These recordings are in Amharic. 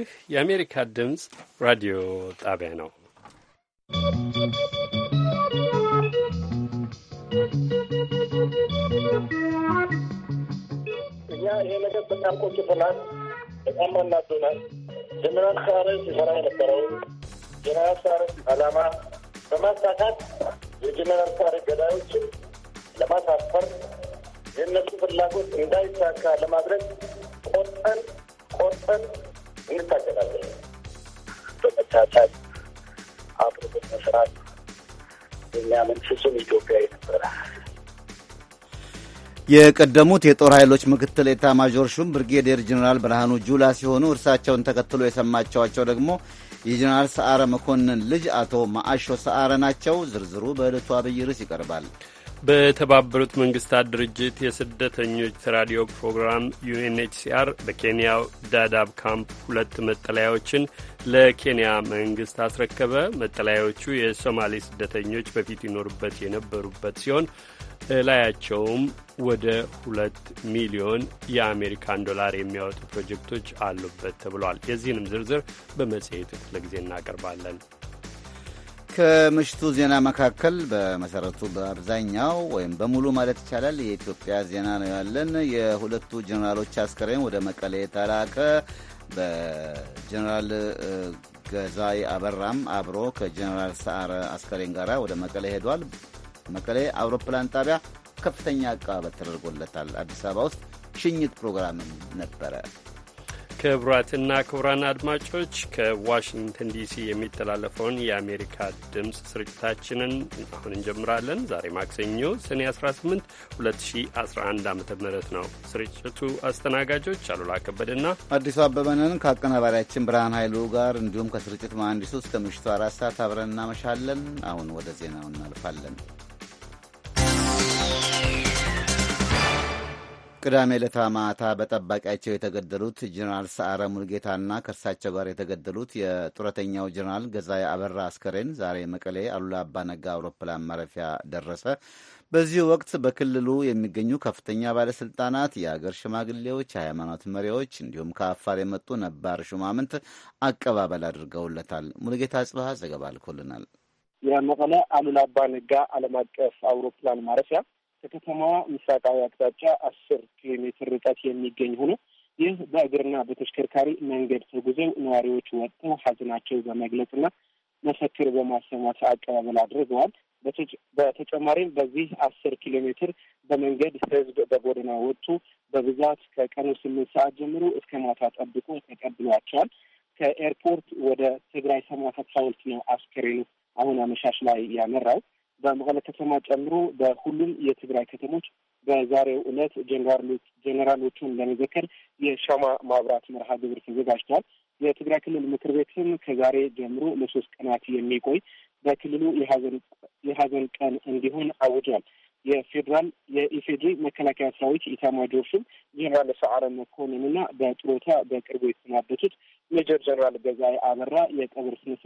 ይህ የአሜሪካ ድምፅ ራዲዮ ጣቢያ ነው። እኛ ይሄ ነገር በጣም ቆጭቶናል፣ በጣም አናዶናል። ጀነራል ሳረስ ሲሰራ የነበረውን ጀነራል ሳረስ አላማ በማሳካት የጀነራል ሳረስ ገዳዮችን ለማሳፈር የእነሱ ፍላጎት እንዳይሳካ ለማድረግ ቆርጠን ቆርጠን እንታገላለን። በመቻቻል አብሮ በመስራት የሚያምን ፍጹም ነበረ። የቀደሙት የጦር ኃይሎች ምክትል ኤታ ማዦር ሹም ብርጌዴር ጀኔራል ብርሃኑ ጁላ ሲሆኑ እርሳቸውን ተከትሎ የሰማቸዋቸው ደግሞ የጀኔራል ሰዓረ መኮንን ልጅ አቶ ማአሾ ሰዓረ ናቸው። ዝርዝሩ በዕለቱ አብይ ርዕስ ይቀርባል። በተባበሩት መንግስታት ድርጅት የስደተኞች ራዲዮ ፕሮግራም ዩኤንኤችሲአር በኬንያው ዳዳብ ካምፕ ሁለት መጠለያዎችን ለኬንያ መንግስት አስረከበ። መጠለያዎቹ የሶማሌ ስደተኞች በፊት ይኖሩበት የነበሩበት ሲሆን እላያቸውም ወደ ሁለት ሚሊዮን የአሜሪካን ዶላር የሚያወጡ ፕሮጀክቶች አሉበት ተብሏል። የዚህንም ዝርዝር በመጽሔት ክፍለ ጊዜ እናቀርባለን። ከምሽቱ ዜና መካከል በመሰረቱ በአብዛኛው ወይም በሙሉ ማለት ይቻላል የኢትዮጵያ ዜና ነው ያለን። የሁለቱ ጀኔራሎች አስከሬን ወደ መቀሌ ተላከ። በጀኔራል ገዛይ አበራም አብሮ ከጀኔራል ሰዓረ አስከሬን ጋር ወደ መቀሌ ሄዷል። መቀሌ አውሮፕላን ጣቢያ ከፍተኛ አቀባበል ተደርጎለታል። አዲስ አበባ ውስጥ ሽኝት ፕሮግራምም ነበረ። ክቡራትና ክቡራን አድማጮች ከዋሽንግተን ዲሲ የሚተላለፈውን የአሜሪካ ድምፅ ስርጭታችንን አሁን እንጀምራለን። ዛሬ ማክሰኞ ሰኔ 18 2011 ዓ ም ነው። ስርጭቱ አስተናጋጆች አሉላ ከበደና አዲሱ አበበንን ከአቀናባሪያችን ብርሃን ኃይሉ ጋር እንዲሁም ከስርጭት መሐንዲሱ እስከ ምሽቱ አራት ሰዓት አብረን እናመሻለን። አሁን ወደ ዜናው እናልፋለን። ቅዳሜ ዕለት ማታ በጠባቂያቸው የተገደሉት ጀኔራል ሰዓረ ሙልጌታና ከእርሳቸው ጋር የተገደሉት የጡረተኛው ጀኔራል ገዛይ አበራ አስከሬን ዛሬ መቀሌ አሉላ አባነጋ አውሮፕላን ማረፊያ ደረሰ። በዚህ ወቅት በክልሉ የሚገኙ ከፍተኛ ባለስልጣናት፣ የአገር ሽማግሌዎች፣ የሃይማኖት መሪዎች እንዲሁም ከአፋር የመጡ ነባር ሹማምንት አቀባበል አድርገውለታል። ሙልጌታ ጽበሀ ዘገባ ልኮልናል። የመቀለ አሉላ አባነጋ ዓለም አቀፍ አውሮፕላን ማረፊያ ከከተማዋ ምስራቃዊ አቅጣጫ አስር ኪሎ ሜትር ርቀት የሚገኝ ሆኖ ይህ በእግርና በተሽከርካሪ መንገድ ተጉዘው ነዋሪዎች ወጥተው ሀዘናቸው በመግለጽና መፈክር በማሰማት አቀባበል አድርገዋል። በተጨማሪም በዚህ አስር ኪሎ ሜትር በመንገድ ህዝብ በጎደና ወጥቶ በብዛት ከቀኑ ስምንት ሰዓት ጀምሮ እስከ ማታ ጠብቆ ተቀብሏቸዋል። ከኤርፖርት ወደ ትግራይ ሰማዕታት ሐውልት ነው አስከሬኑ አሁን አመሻሽ ላይ ያመራው። በመቀለ ከተማ ጨምሮ በሁሉም የትግራይ ከተሞች በዛሬው ዕለት ጀኔራሎቹን ለመዘከር የሻማ ማብራት መርሃ ግብር ተዘጋጅቷል። የትግራይ ክልል ምክር ቤትም ከዛሬ ጀምሮ ለሶስት ቀናት የሚቆይ በክልሉ የሀዘን ቀን እንዲሆን አውጇል። የፌዴራል የኢፌዴሪ መከላከያ ሰራዊት ኢታማዦር ሹም ጀኔራል ሰዓረ መኮንንና በጥሮታ በቅርቡ የተሰናበቱት ሜጀር ጀኔራል ገዛይ አበራ የቀብር ስነ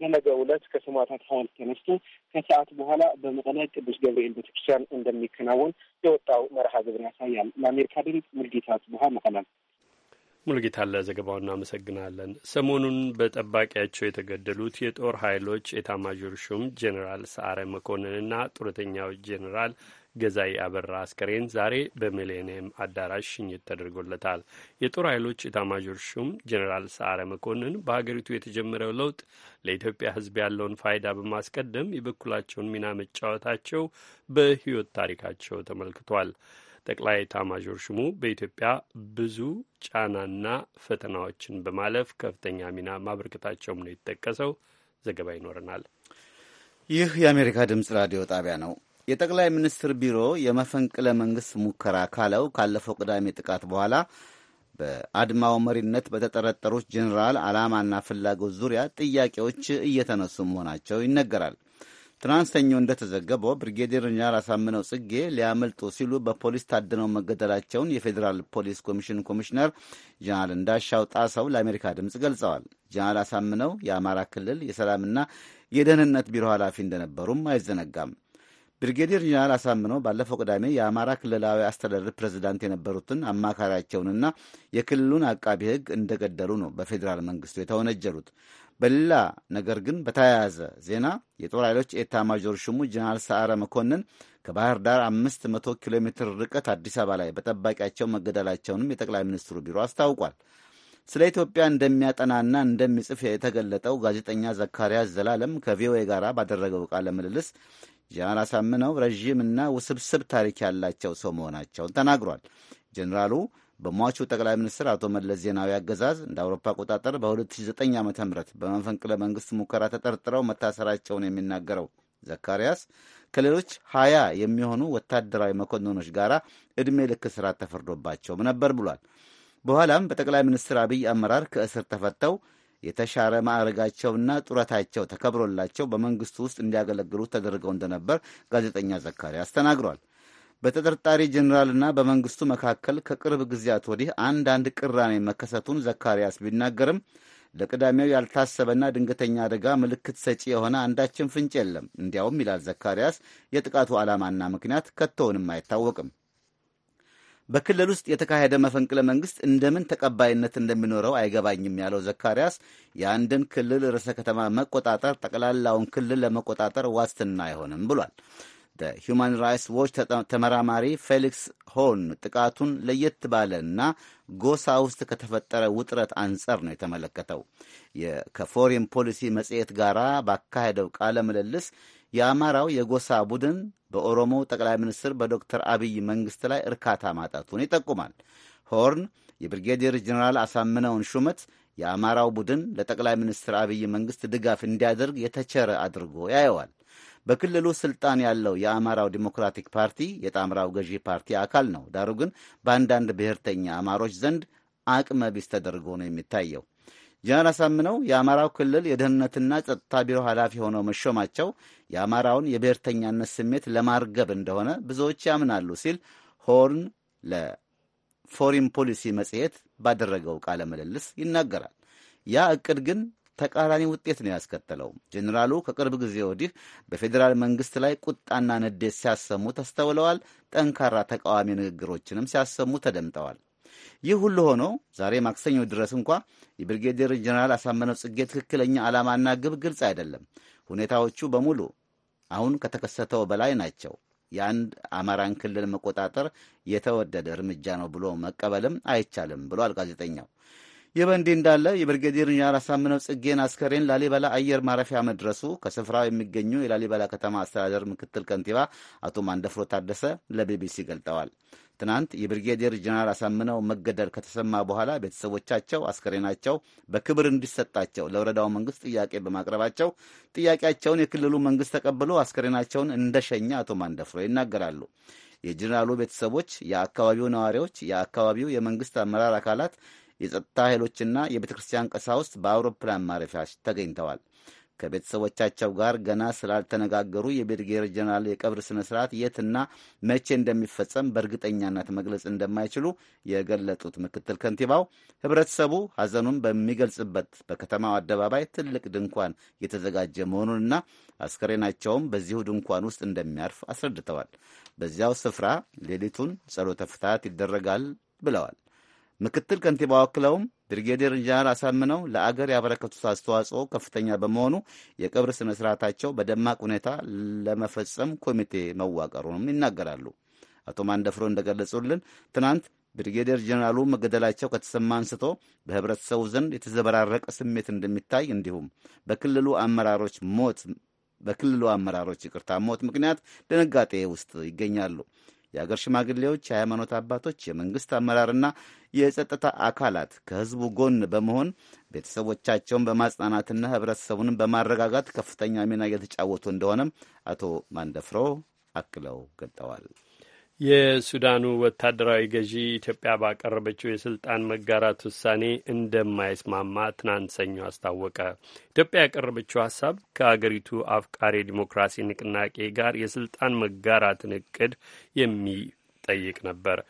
በነገው ዕለት ከሰማዕታት ሐውልት ተነስቶ ከሰዓት በኋላ በመቀለ ቅዱስ ገብርኤል ቤተክርስቲያን እንደሚከናወን የወጣው መርሃ ግብር ያሳያል። ለአሜሪካ ድምፅ ሙልጌታ ጽቡሀ መቀለ። ሙሉጌታ ለዘገባው እናመሰግናለን። ሰሞኑን በጠባቂያቸው የተገደሉት የጦር ኃይሎች ኤታማዦር ሹም ጄኔራል ሰዓረ መኮንንና ጡረተኛው ጄኔራል ገዛኢ አበራ አስከሬን ዛሬ በሚሌኒየም አዳራሽ ሽኝት ተደርጎለታል። የጦር ኃይሎች ኢታማዦር ሹም ጀኔራል ሰዓረ መኮንን በሀገሪቱ የተጀመረው ለውጥ ለኢትዮጵያ ሕዝብ ያለውን ፋይዳ በማስቀደም የበኩላቸውን ሚና መጫወታቸው በሕይወት ታሪካቸው ተመልክቷል። ጠቅላይ ኢታማዦር ሹሙ በኢትዮጵያ ብዙ ጫናና ፈተናዎችን በማለፍ ከፍተኛ ሚና ማበርከታቸውም ነው የተጠቀሰው። ዘገባ ይኖረናል። ይህ የአሜሪካ ድምጽ ራዲዮ ጣቢያ ነው። የጠቅላይ ሚኒስትር ቢሮ የመፈንቅለ መንግስት ሙከራ ካለው ካለፈው ቅዳሜ ጥቃት በኋላ በአድማው መሪነት በተጠረጠሩት ጀኔራል ዓላማና ፍላጎት ዙሪያ ጥያቄዎች እየተነሱ መሆናቸው ይነገራል። ትናንት ሰኞ እንደተዘገበው ብሪጌዲየር ጀኔራል አሳምነው ጽጌ ሊያመልጡ ሲሉ በፖሊስ ታድነው መገደላቸውን የፌዴራል ፖሊስ ኮሚሽን ኮሚሽነር ጀኔራል እንዳሻው ጣሰው ለአሜሪካ ድምፅ ገልጸዋል። ጀኔራል አሳምነው የአማራ ክልል የሰላምና የደህንነት ቢሮ ኃላፊ እንደነበሩም አይዘነጋም። ብሪጌዲየር ጀነራል አሳምነው ባለፈው ቅዳሜ የአማራ ክልላዊ አስተዳደር ፕሬዚዳንት የነበሩትን አማካሪያቸውንና የክልሉን አቃቢ ሕግ እንደገደሉ ነው በፌዴራል መንግስቱ የተወነጀሉት። በሌላ ነገር ግን በተያያዘ ዜና የጦር ኃይሎች ኤታ ማጆር ሹሙ ጀነራል ሰዓረ መኮንን ከባህር ዳር አምስት መቶ ኪሎ ሜትር ርቀት አዲስ አበባ ላይ በጠባቂያቸው መገደላቸውንም የጠቅላይ ሚኒስትሩ ቢሮ አስታውቋል። ስለ ኢትዮጵያ እንደሚያጠናና እንደሚጽፍ የተገለጠው ጋዜጠኛ ዘካርያስ ዘላለም ከቪኦኤ ጋር ባደረገው ቃለ ምልልስ ጀነራል አሳምነው ረዥምና ውስብስብ ታሪክ ያላቸው ሰው መሆናቸውን ተናግሯል። ጀኔራሉ በሟቹ ጠቅላይ ሚኒስትር አቶ መለስ ዜናዊ አገዛዝ እንደ አውሮፓ አቆጣጠር በ2009 ዓ ም በመፈንቅለ መንግሥት ሙከራ ተጠርጥረው መታሰራቸውን የሚናገረው ዘካርያስ ከሌሎች ሀያ የሚሆኑ ወታደራዊ መኮንኖች ጋር ዕድሜ ልክ እስራት ተፈርዶባቸውም ነበር ብሏል። በኋላም በጠቅላይ ሚኒስትር አብይ አመራር ከእስር ተፈተው የተሻረ ማዕረጋቸውና ጡረታቸው ተከብሮላቸው በመንግስቱ ውስጥ እንዲያገለግሉ ተደርገው እንደነበር ጋዜጠኛ ዘካሪያስ ተናግሯል። በተጠርጣሪ ጀኔራልና በመንግስቱ መካከል ከቅርብ ጊዜያት ወዲህ አንዳንድ ቅራኔ መከሰቱን ዘካሪያስ ቢናገርም ለቅዳሜው ያልታሰበና ድንገተኛ አደጋ ምልክት ሰጪ የሆነ አንዳችን ፍንጭ የለም። እንዲያውም ይላል ዘካሪያስ፣ የጥቃቱ ዓላማና ምክንያት ከቶውንም አይታወቅም። በክልል ውስጥ የተካሄደ መፈንቅለ መንግስት እንደምን ተቀባይነት እንደሚኖረው አይገባኝም ያለው ዘካሪያስ የአንድን ክልል ርዕሰ ከተማ መቆጣጠር ጠቅላላውን ክልል ለመቆጣጠር ዋስትና አይሆንም ብሏል። በሂውማን ራይትስ ዎች ተመራማሪ ፌሊክስ ሆን ጥቃቱን ለየት ባለና ጎሳ ውስጥ ከተፈጠረ ውጥረት አንጻር ነው የተመለከተው። ከፎሪን ፖሊሲ መጽሔት ጋር ባካሄደው ቃለ ምልልስ የአማራው የጎሳ ቡድን በኦሮሞ ጠቅላይ ሚኒስትር በዶክተር አብይ መንግስት ላይ እርካታ ማጣቱን ይጠቁማል። ሆርን የብሪጌዲየር ጀኔራል አሳምነውን ሹመት የአማራው ቡድን ለጠቅላይ ሚኒስትር አብይ መንግስት ድጋፍ እንዲያደርግ የተቸረ አድርጎ ያየዋል። በክልሉ ስልጣን ያለው የአማራው ዲሞክራቲክ ፓርቲ የጣምራው ገዢ ፓርቲ አካል ነው። ዳሩ ግን በአንዳንድ ብሔርተኛ አማሮች ዘንድ አቅመ ቢስ ተደርጎ ነው የሚታየው። ጀነራል አሳምነው የአማራው ክልል የደህንነትና ጸጥታ ቢሮ ኃላፊ ሆነው መሾማቸው የአማራውን የብሔርተኛነት ስሜት ለማርገብ እንደሆነ ብዙዎች ያምናሉ ሲል ሆርን ለፎሪን ፖሊሲ መጽሔት ባደረገው ቃለ ምልልስ ይናገራል። ያ እቅድ ግን ተቃራኒ ውጤት ነው ያስከተለው። ጄኔራሉ ከቅርብ ጊዜ ወዲህ በፌዴራል መንግስት ላይ ቁጣና ንዴት ሲያሰሙ ተስተውለዋል። ጠንካራ ተቃዋሚ ንግግሮችንም ሲያሰሙ ተደምጠዋል። ይህ ሁሉ ሆኖ ዛሬ ማክሰኞ ድረስ እንኳ የብርጌዴር ጄኔራል አሳመነው ጽጌ ትክክለኛ ዓላማና ግብ ግልጽ አይደለም። ሁኔታዎቹ በሙሉ አሁን ከተከሰተው በላይ ናቸው። የአንድ አማራን ክልል መቆጣጠር የተወደደ እርምጃ ነው ብሎ መቀበልም አይቻልም ብሏል ጋዜጠኛው። ይህ በእንዲህ እንዳለ የብርጌዲር ጀነራል አሳምነው ጽጌን አስከሬን ላሊበላ አየር ማረፊያ መድረሱ ከስፍራው የሚገኙ የላሊበላ ከተማ አስተዳደር ምክትል ከንቲባ አቶ ማንደፍሮ ታደሰ ለቢቢሲ ገልጠዋል። ትናንት የብርጌዲር ጀነራል አሳምነው መገደል ከተሰማ በኋላ ቤተሰቦቻቸው አስከሬናቸው በክብር እንዲሰጣቸው ለወረዳው መንግስት ጥያቄ በማቅረባቸው ጥያቄያቸውን የክልሉ መንግስት ተቀብሎ አስከሬናቸውን እንደሸኘ አቶ ማንደፍሮ ይናገራሉ። የጀነራሉ ቤተሰቦች፣ የአካባቢው ነዋሪዎች፣ የአካባቢው የመንግስት አመራር አካላት የጸጥታ ኃይሎችና የቤተ ክርስቲያን ቀሳውስት በአውሮፕላን ማረፊያዎች ተገኝተዋል። ከቤተሰቦቻቸው ጋር ገና ስላልተነጋገሩ የብርጌር ጀነራል የቀብር ስነ ስርዓት የትና መቼ እንደሚፈጸም በእርግጠኛነት መግለጽ እንደማይችሉ የገለጡት ምክትል ከንቲባው ህብረተሰቡ ሐዘኑን በሚገልጽበት በከተማው አደባባይ ትልቅ ድንኳን የተዘጋጀ መሆኑንና አስከሬናቸውም በዚሁ ድንኳን ውስጥ እንደሚያርፍ አስረድተዋል። በዚያው ስፍራ ሌሊቱን ጸሎተ ፍትሐት ይደረጋል ብለዋል። ምክትል ከንቲባ ወክለውም ብሪጌዴር ኢንጂነር አሳምነው ለአገር ያበረከቱት አስተዋጽኦ ከፍተኛ በመሆኑ የቀብር ስነ ስርዓታቸው በደማቅ ሁኔታ ለመፈጸም ኮሚቴ መዋቀሩንም ይናገራሉ። አቶ ማንደፍሮ እንደገለጹልን ትናንት ብሪጌዴር ጀነራሉ መገደላቸው ከተሰማ አንስቶ በህብረተሰቡ ዘንድ የተዘበራረቀ ስሜት እንደሚታይ እንዲሁም በክልሉ አመራሮች ሞት በክልሉ አመራሮች ይቅርታ ሞት ምክንያት ድንጋጤ ውስጥ ይገኛሉ። የአገር ሽማግሌዎች፣ የሃይማኖት አባቶች፣ የመንግስት አመራርና የጸጥታ አካላት ከህዝቡ ጎን በመሆን ቤተሰቦቻቸውን በማጽናናትና ኅብረተሰቡንም በማረጋጋት ከፍተኛ ሚና እየተጫወቱ እንደሆነም አቶ ማንደፍሮ አክለው ገልጠዋል። የሱዳኑ ወታደራዊ ገዢ ኢትዮጵያ ባቀረበችው የስልጣን መጋራት ውሳኔ እንደማይስማማ ትናንት ሰኞ አስታወቀ። ኢትዮጵያ ያቀረበችው ሀሳብ ከአገሪቱ አፍቃሪ ዲሞክራሲ ንቅናቄ ጋር የስልጣን መጋራትን እቅድ የሚጠይቅ ነበር።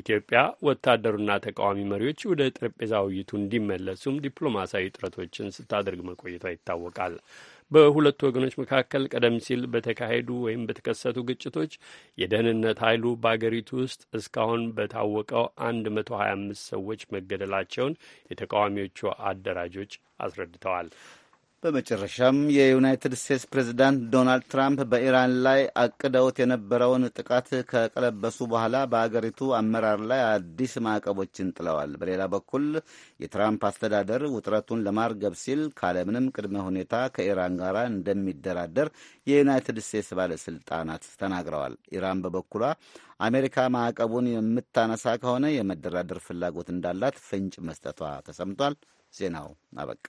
ኢትዮጵያ ወታደሩና ተቃዋሚ መሪዎች ወደ ጠረጴዛ ውይይቱ እንዲመለሱም ዲፕሎማሲያዊ ጥረቶችን ስታደርግ መቆየቷ ይታወቃል። በሁለቱ ወገኖች መካከል ቀደም ሲል በተካሄዱ ወይም በተከሰቱ ግጭቶች የደህንነት ኃይሉ በአገሪቱ ውስጥ እስካሁን በታወቀው 125 ሰዎች መገደላቸውን የተቃዋሚዎቹ አደራጆች አስረድተዋል። በመጨረሻም የዩናይትድ ስቴትስ ፕሬዚዳንት ዶናልድ ትራምፕ በኢራን ላይ አቅደውት የነበረውን ጥቃት ከቀለበሱ በኋላ በአገሪቱ አመራር ላይ አዲስ ማዕቀቦችን ጥለዋል። በሌላ በኩል የትራምፕ አስተዳደር ውጥረቱን ለማርገብ ሲል ካለምንም ቅድመ ሁኔታ ከኢራን ጋር እንደሚደራደር የዩናይትድ ስቴትስ ባለስልጣናት ተናግረዋል። ኢራን በበኩሏ አሜሪካ ማዕቀቡን የምታነሳ ከሆነ የመደራደር ፍላጎት እንዳላት ፍንጭ መስጠቷ ተሰምቷል። ዜናው አበቃ።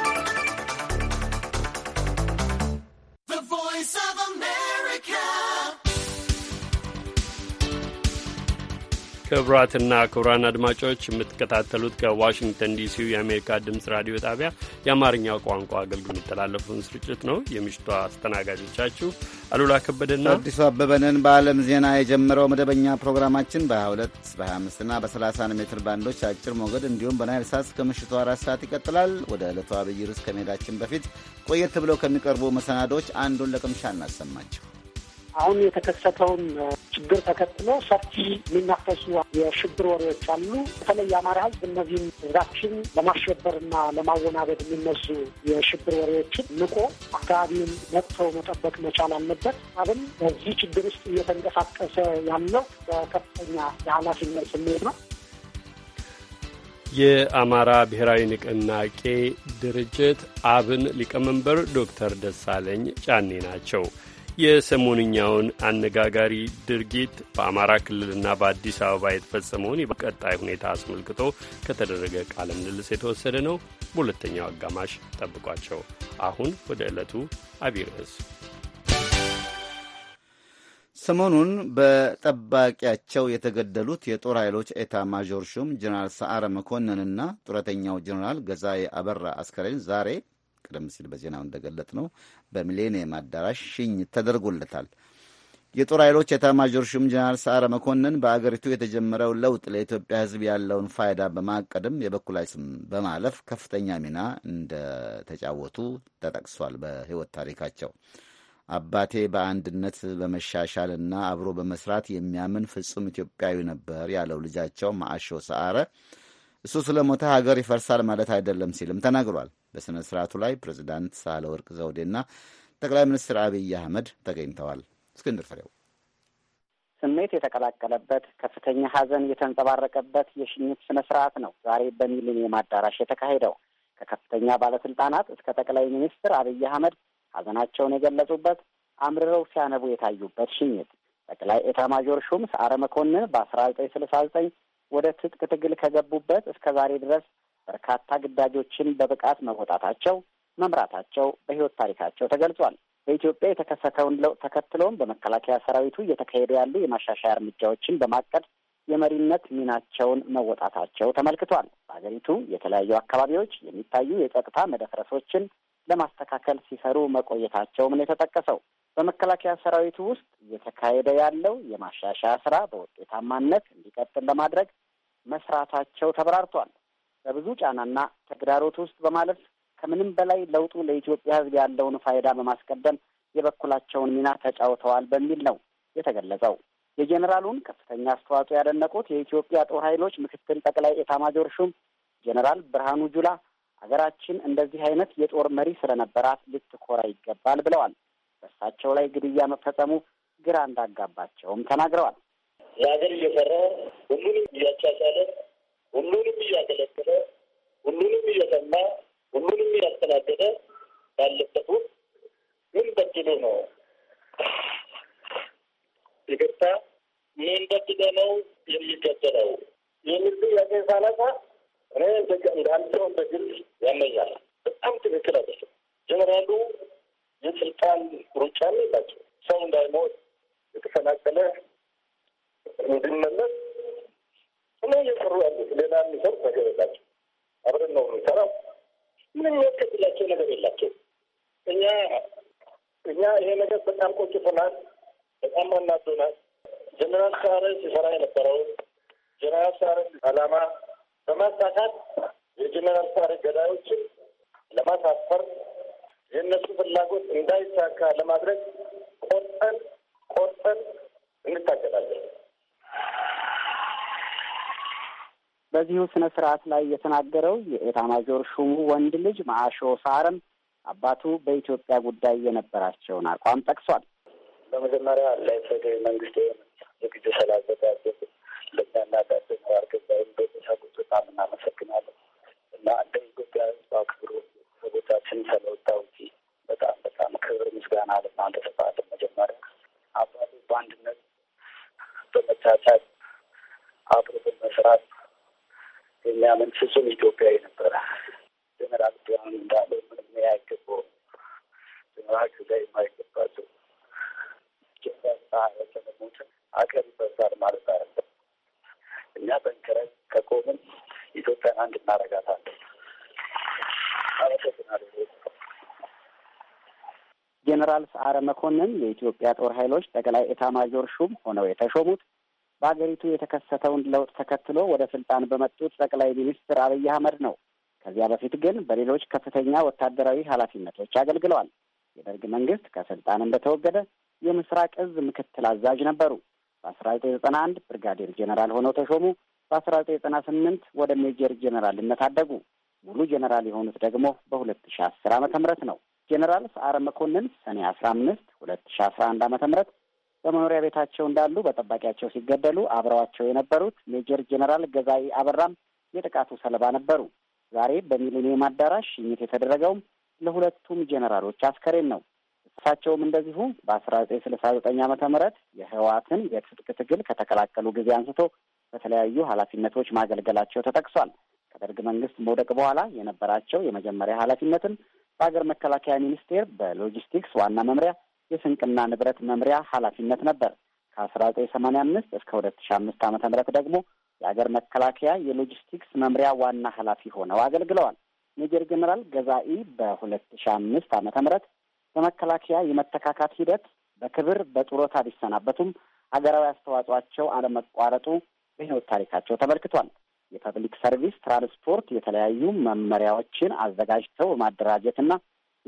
ክቡራትና ክቡራን አድማጮች የምትከታተሉት ከዋሽንግተን ዲሲው የአሜሪካ ድምፅ ራዲዮ ጣቢያ የአማርኛ ቋንቋ አገልግሎት የሚተላለፉን ስርጭት ነው። የምሽቷ አስተናጋጆቻችሁ አሉላ ከበደና አዲሱ አበበንን በዓለም ዜና የጀመረው መደበኛ ፕሮግራማችን በ22 በ25ና በ30 ሜትር ባንዶች አጭር ሞገድ እንዲሁም በናይል ሳት ከምሽቱ አራት ሰዓት ይቀጥላል። ወደ ዕለቱ አብይ ርዕስ ከመሄዳችን በፊት ቆየት ብለው ከሚቀርቡ መሰናዶች አንዱን ለቅምሻ እናሰማቸው። አሁን የተከሰተውን ችግር ተከትሎ ሰፊ የሚናፈሱ የሽብር ወሬዎች አሉ። በተለይ የአማራ ሕዝብ እነዚህም ሕዝባችን ለማሸበርና ለማወናበድ የሚነሱ የሽብር ወሬዎችን ንቆ አካባቢውን ነቅተው መጠበቅ መቻል አለበት። አብን በዚህ ችግር ውስጥ እየተንቀሳቀሰ ያለው በከፍተኛ የኃላፊነት ስሜት ነው። የአማራ ብሔራዊ ንቅናቄ ድርጅት አብን ሊቀመንበር ዶክተር ደሳለኝ ጫኔ ናቸው። የሰሞንኛውን አነጋጋሪ ድርጊት በአማራ ክልልና በአዲስ አበባ የተፈጸመውን በቀጣይ ሁኔታ አስመልክቶ ከተደረገ ቃለ ምልልስ የተወሰደ ነው። በሁለተኛው አጋማሽ ጠብቋቸው። አሁን ወደ ዕለቱ አቢይ ርዕስ ሰሞኑን በጠባቂያቸው የተገደሉት የጦር ኃይሎች ኤታ ማዦር ሹም ጀኔራል ሰዓረ መኮንንና ጡረተኛው ጀኔራል ገዛኤ አበራ አስከሬን ዛሬ ቀደም ሲል በዜናው እንደገለጥ ነው በሚሌኒየም አዳራሽ ሽኝት ተደርጎለታል። የጦር ኃይሎች ኤታማዦር ሹም ጀነራል ሰዓረ መኮንን በአገሪቱ የተጀመረው ለውጥ ለኢትዮጵያ ሕዝብ ያለውን ፋይዳ በማቀድም ስም በማለፍ ከፍተኛ ሚና እንደተጫወቱ ተጠቅሷል። በሕይወት ታሪካቸው አባቴ በአንድነት በመሻሻልና አብሮ በመስራት የሚያምን ፍጹም ኢትዮጵያዊ ነበር ያለው ልጃቸው ማአሾ ሰአረ እሱ ስለሞተ ሀገር ይፈርሳል ማለት አይደለም ሲልም ተናግሯል። በሥነ ሥርዓቱ ላይ ፕሬዚዳንት ዘውዴ ዘውዴና ጠቅላይ ሚኒስትር አብይ አህመድ ተገኝተዋል። እስክንድር ፍሬው ስሜት የተቀላቀለበት ከፍተኛ ሀዘን የተንጸባረቀበት የሽኝት ስነ ስርዓት ነው ዛሬ በሚሊኒየም አዳራሽ የተካሄደው። ከከፍተኛ ባለስልጣናት እስከ ጠቅላይ ሚኒስትር አብይ አህመድ ሀዘናቸውን የገለጹበት አምርረው ሲያነቡ የታዩበት ሽኝት ጠቅላይ ኤታማዦር ሹም ሰዓረ መኮንን በአስራ ዘጠኝ ስልሳ ዘጠኝ ወደ ትጥቅ ትግል ከገቡበት እስከ ዛሬ ድረስ በርካታ ግዳጆችን በብቃት መወጣታቸው፣ መምራታቸው በሕይወት ታሪካቸው ተገልጿል። በኢትዮጵያ የተከሰተውን ለውጥ ተከትለውም በመከላከያ ሰራዊቱ እየተካሄዱ ያሉ የማሻሻያ እርምጃዎችን በማቀድ የመሪነት ሚናቸውን መወጣታቸው ተመልክቷል። በሀገሪቱ የተለያዩ አካባቢዎች የሚታዩ የጸጥታ መደፍረሶችን ለማስተካከል ሲሰሩ መቆየታቸውም ነው የተጠቀሰው። በመከላከያ ሰራዊቱ ውስጥ እየተካሄደ ያለው የማሻሻያ ስራ በውጤታማነት እንዲቀጥል ለማድረግ መስራታቸው ተብራርቷል። በብዙ ጫናና ተግዳሮት ውስጥ በማለፍ ከምንም በላይ ለውጡ ለኢትዮጵያ ሕዝብ ያለውን ፋይዳ በማስቀደም የበኩላቸውን ሚና ተጫውተዋል በሚል ነው የተገለጸው። የጄኔራሉን ከፍተኛ አስተዋጽኦ ያደነቁት የኢትዮጵያ ጦር ኃይሎች ምክትል ጠቅላይ ኤታማጆር ሹም ጄኔራል ብርሃኑ ጁላ ሀገራችን እንደዚህ አይነት የጦር መሪ ስለነበራት ልትኮራ ይገባል ብለዋል። በእሳቸው ላይ ግድያ መፈጸሙ ግራ እንዳጋባቸውም ተናግረዋል። የሀገር እየሰራ ሁሉንም እያቻቻለ ሁሉንም እያገለገለ ሁሉንም እየሰማ ሁሉንም እያስተናገደ ባለበት ምን በድሎ ነው? ይቅርታ ምን በድሎ ነው የሚገደለው? የሚል የሴሳ ሳነሳ እኔ እንዳንተው በግል ያመኛል። በጣም ትክክል አይደለም። ጀነራሉ የስልጣን ሩጫ የላቸው ሰው እንዳይሞት የተፈናቀለ እንዲመለስ እኔ እየሰሩ ያሉት ሌላ የሚሰሩት ነገር የላቸው። አብረን ነው የምንሰራው። ምንም የሚያስከትላቸው ነገር የላቸው። እኛ እኛ ይሄ ነገር በጣም ቆጭቶናል፣ በጣም አናዶናል። ጀነራል ሳረስ ሲሰራ የነበረው ጀነራል ሳረስ አላማ በማሳሳት የጀኔራል ሳሬ ገዳዮችን ለማሳፈር የእነሱ ፍላጎት እንዳይሳካ ለማድረግ ቆርጠን ቆርጠን እንታገላለን። በዚሁ ስነ ስርዓት ላይ የተናገረው የኤታማዦር ሹሙ ወንድ ልጅ ማአሾ ሳረም አባቱ በኢትዮጵያ ጉዳይ የነበራቸውን አቋም ጠቅሷል። በመጀመሪያ ለኢፌዴሪ መንግስት ዝግጅት ስላዘጋጀ ለእኛና ለእንደኛ አድርገን በሚሰሩት በጣም እናመሰግናለን እና እንደ ኢትዮጵያ ሕዝብ አክብሮ ዜጎቻችን ስለወጣ ውጪ በጣም በጣም ክብር ምስጋና ለእናንተ ስፋት መጀመሪያ አባቱ በአንድነት በመቻቻል አብሮ በመስራት የሚያምን ፍጹም ኢትዮጵያዊ ነበረ። ጀነራል ቢሆን እንዳለ ምንም አይገባውም። ጀነራል ዛ የማይገባቸው ኢትዮጵያ ሰለሞትን አገር ይበዛል ማለት አይደለም። እኛ ጠንክረን ከቆምን ኢትዮጵያን አንድ እናረጋታለን። አመሰግናለሁ። ጄኔራል ሰዓረ መኮንን የኢትዮጵያ ጦር ኃይሎች ጠቅላይ ማዦር ሹም ሆነው የተሾሙት በአገሪቱ የተከሰተውን ለውጥ ተከትሎ ወደ ስልጣን በመጡት ጠቅላይ ሚኒስትር አብይ አህመድ ነው። ከዚያ በፊት ግን በሌሎች ከፍተኛ ወታደራዊ ኃላፊነቶች አገልግለዋል። የደርግ መንግስት ከስልጣን እንደተወገደ የምስራቅ እዝ ምክትል አዛዥ ነበሩ። በአስራ ዘጠኝ ዘጠና አንድ ብርጋዴር ጄኔራል ሆነው ተሾሙ። በአስራ ዘጠኝ ዘጠና ስምንት ወደ ሜጀር ጄኔራልነት አደጉ። ሙሉ ጄኔራል የሆኑት ደግሞ በሁለት ሺ አስር ዓመተ ምህረት ነው። ጄኔራል ሰዓረ መኮንን ሰኔ አስራ አምስት ሁለት ሺ አስራ አንድ ዓመተ ምህረት በመኖሪያ ቤታቸው እንዳሉ በጠባቂያቸው ሲገደሉ አብረዋቸው የነበሩት ሜጀር ጄኔራል ገዛኢ አበራም የጥቃቱ ሰለባ ነበሩ። ዛሬ በሚሊኒየም አዳራሽ ሽኝት የተደረገውም ለሁለቱም ጄኔራሎች አስከሬን ነው። እሳቸውም እንደዚሁ በአስራ ዘጠኝ ስልሳ ዘጠኝ ዓመተ ምህረት የህወሓትን የትጥቅ ትግል ከተቀላቀሉ ጊዜ አንስቶ በተለያዩ ኃላፊነቶች ማገልገላቸው ተጠቅሷል። ከደርግ መንግስት መውደቅ በኋላ የነበራቸው የመጀመሪያ ኃላፊነትም በሀገር መከላከያ ሚኒስቴር በሎጂስቲክስ ዋና መምሪያ የስንቅና ንብረት መምሪያ ኃላፊነት ነበር። ከአስራ ዘጠኝ ሰማንያ አምስት እስከ ሁለት ሺ አምስት ዓመተ ምህረት ደግሞ የሀገር መከላከያ የሎጂስቲክስ መምሪያ ዋና ኃላፊ ሆነው አገልግለዋል። ሜጀር ጀኔራል ገዛኢ በሁለት ሺ አምስት ዓመተ ምህረት በመከላከያ የመተካካት ሂደት በክብር በጡረታ ቢሰናበቱም ሀገራዊ አስተዋጽቸው አለመቋረጡ በህይወት ታሪካቸው ተመልክቷል። የፐብሊክ ሰርቪስ ትራንስፖርት የተለያዩ መመሪያዎችን አዘጋጅተው በማደራጀትና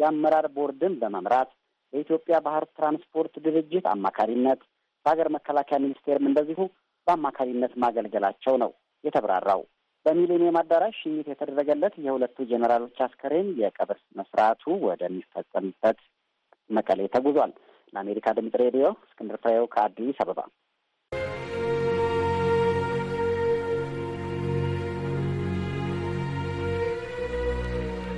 የአመራር ቦርድን በመምራት በኢትዮጵያ ባህር ትራንስፖርት ድርጅት አማካሪነት በሀገር መከላከያ ሚኒስቴርም እንደዚሁ በአማካሪነት ማገልገላቸው ነው የተብራራው። በሚሊኒየም አዳራሽ ሽኝት የተደረገለት የሁለቱ ጄኔራሎች አስከሬን የቀብር ስነ ወደሚፈጸምበት መቀሌ ተጉዟል። ለአሜሪካ ድምጽ ሬዲዮ እስክንድር ፍሬው ከአዲስ አበባ።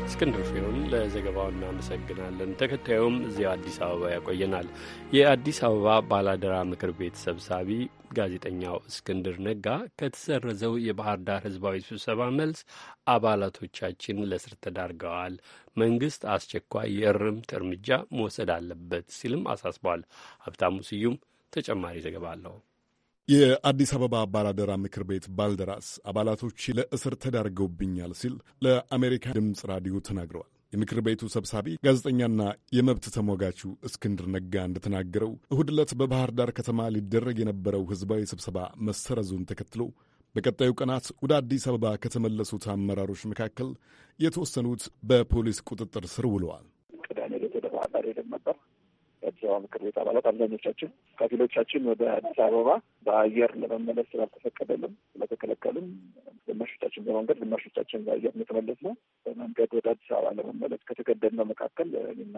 እስክንድር ፍሬውን ለዘገባው እናመሰግናለን። ተከታዩም እዚያው አዲስ አበባ ያቆየናል። የአዲስ አበባ ባላደራ ምክር ቤት ሰብሳቢ ጋዜጠኛው እስክንድር ነጋ ከተሰረዘው የባህር ዳር ህዝባዊ ስብሰባ መልስ አባላቶቻችን ለእስር ተዳርገዋል፣ መንግስት አስቸኳይ የእርምት እርምጃ መውሰድ አለበት ሲልም አሳስበዋል። ሀብታሙ ስዩም ተጨማሪ ዘገባ አለው። የአዲስ አበባ አባላደራ ምክር ቤት ባልደራስ አባላቶች ለእስር ተዳርገውብኛል ሲል ለአሜሪካ ድምፅ ራዲዮ ተናግረዋል። የምክር ቤቱ ሰብሳቢ ጋዜጠኛና የመብት ተሟጋቹ እስክንድር ነጋ እንደተናገረው እሁድ ዕለት በባህር ዳር ከተማ ሊደረግ የነበረው ህዝባዊ ስብሰባ መሰረዙን ተከትሎ በቀጣዩ ቀናት ወደ አዲስ አበባ ከተመለሱት አመራሮች መካከል የተወሰኑት በፖሊስ ቁጥጥር ስር ውለዋል። የሸዋ ምክር ቤት አባላት አብዛኞቻችን፣ ከፊሎቻችን ወደ አዲስ አበባ በአየር ለመመለስ ስላልተፈቀደልም ስለተከለከልም፣ ግማሾቻችን በመንገድ ግማሾቻችን በአየር ምትመለስ ነው። በመንገድ ወደ አዲስ አበባ ለመመለስ ከተገደድነው መካከል እኔና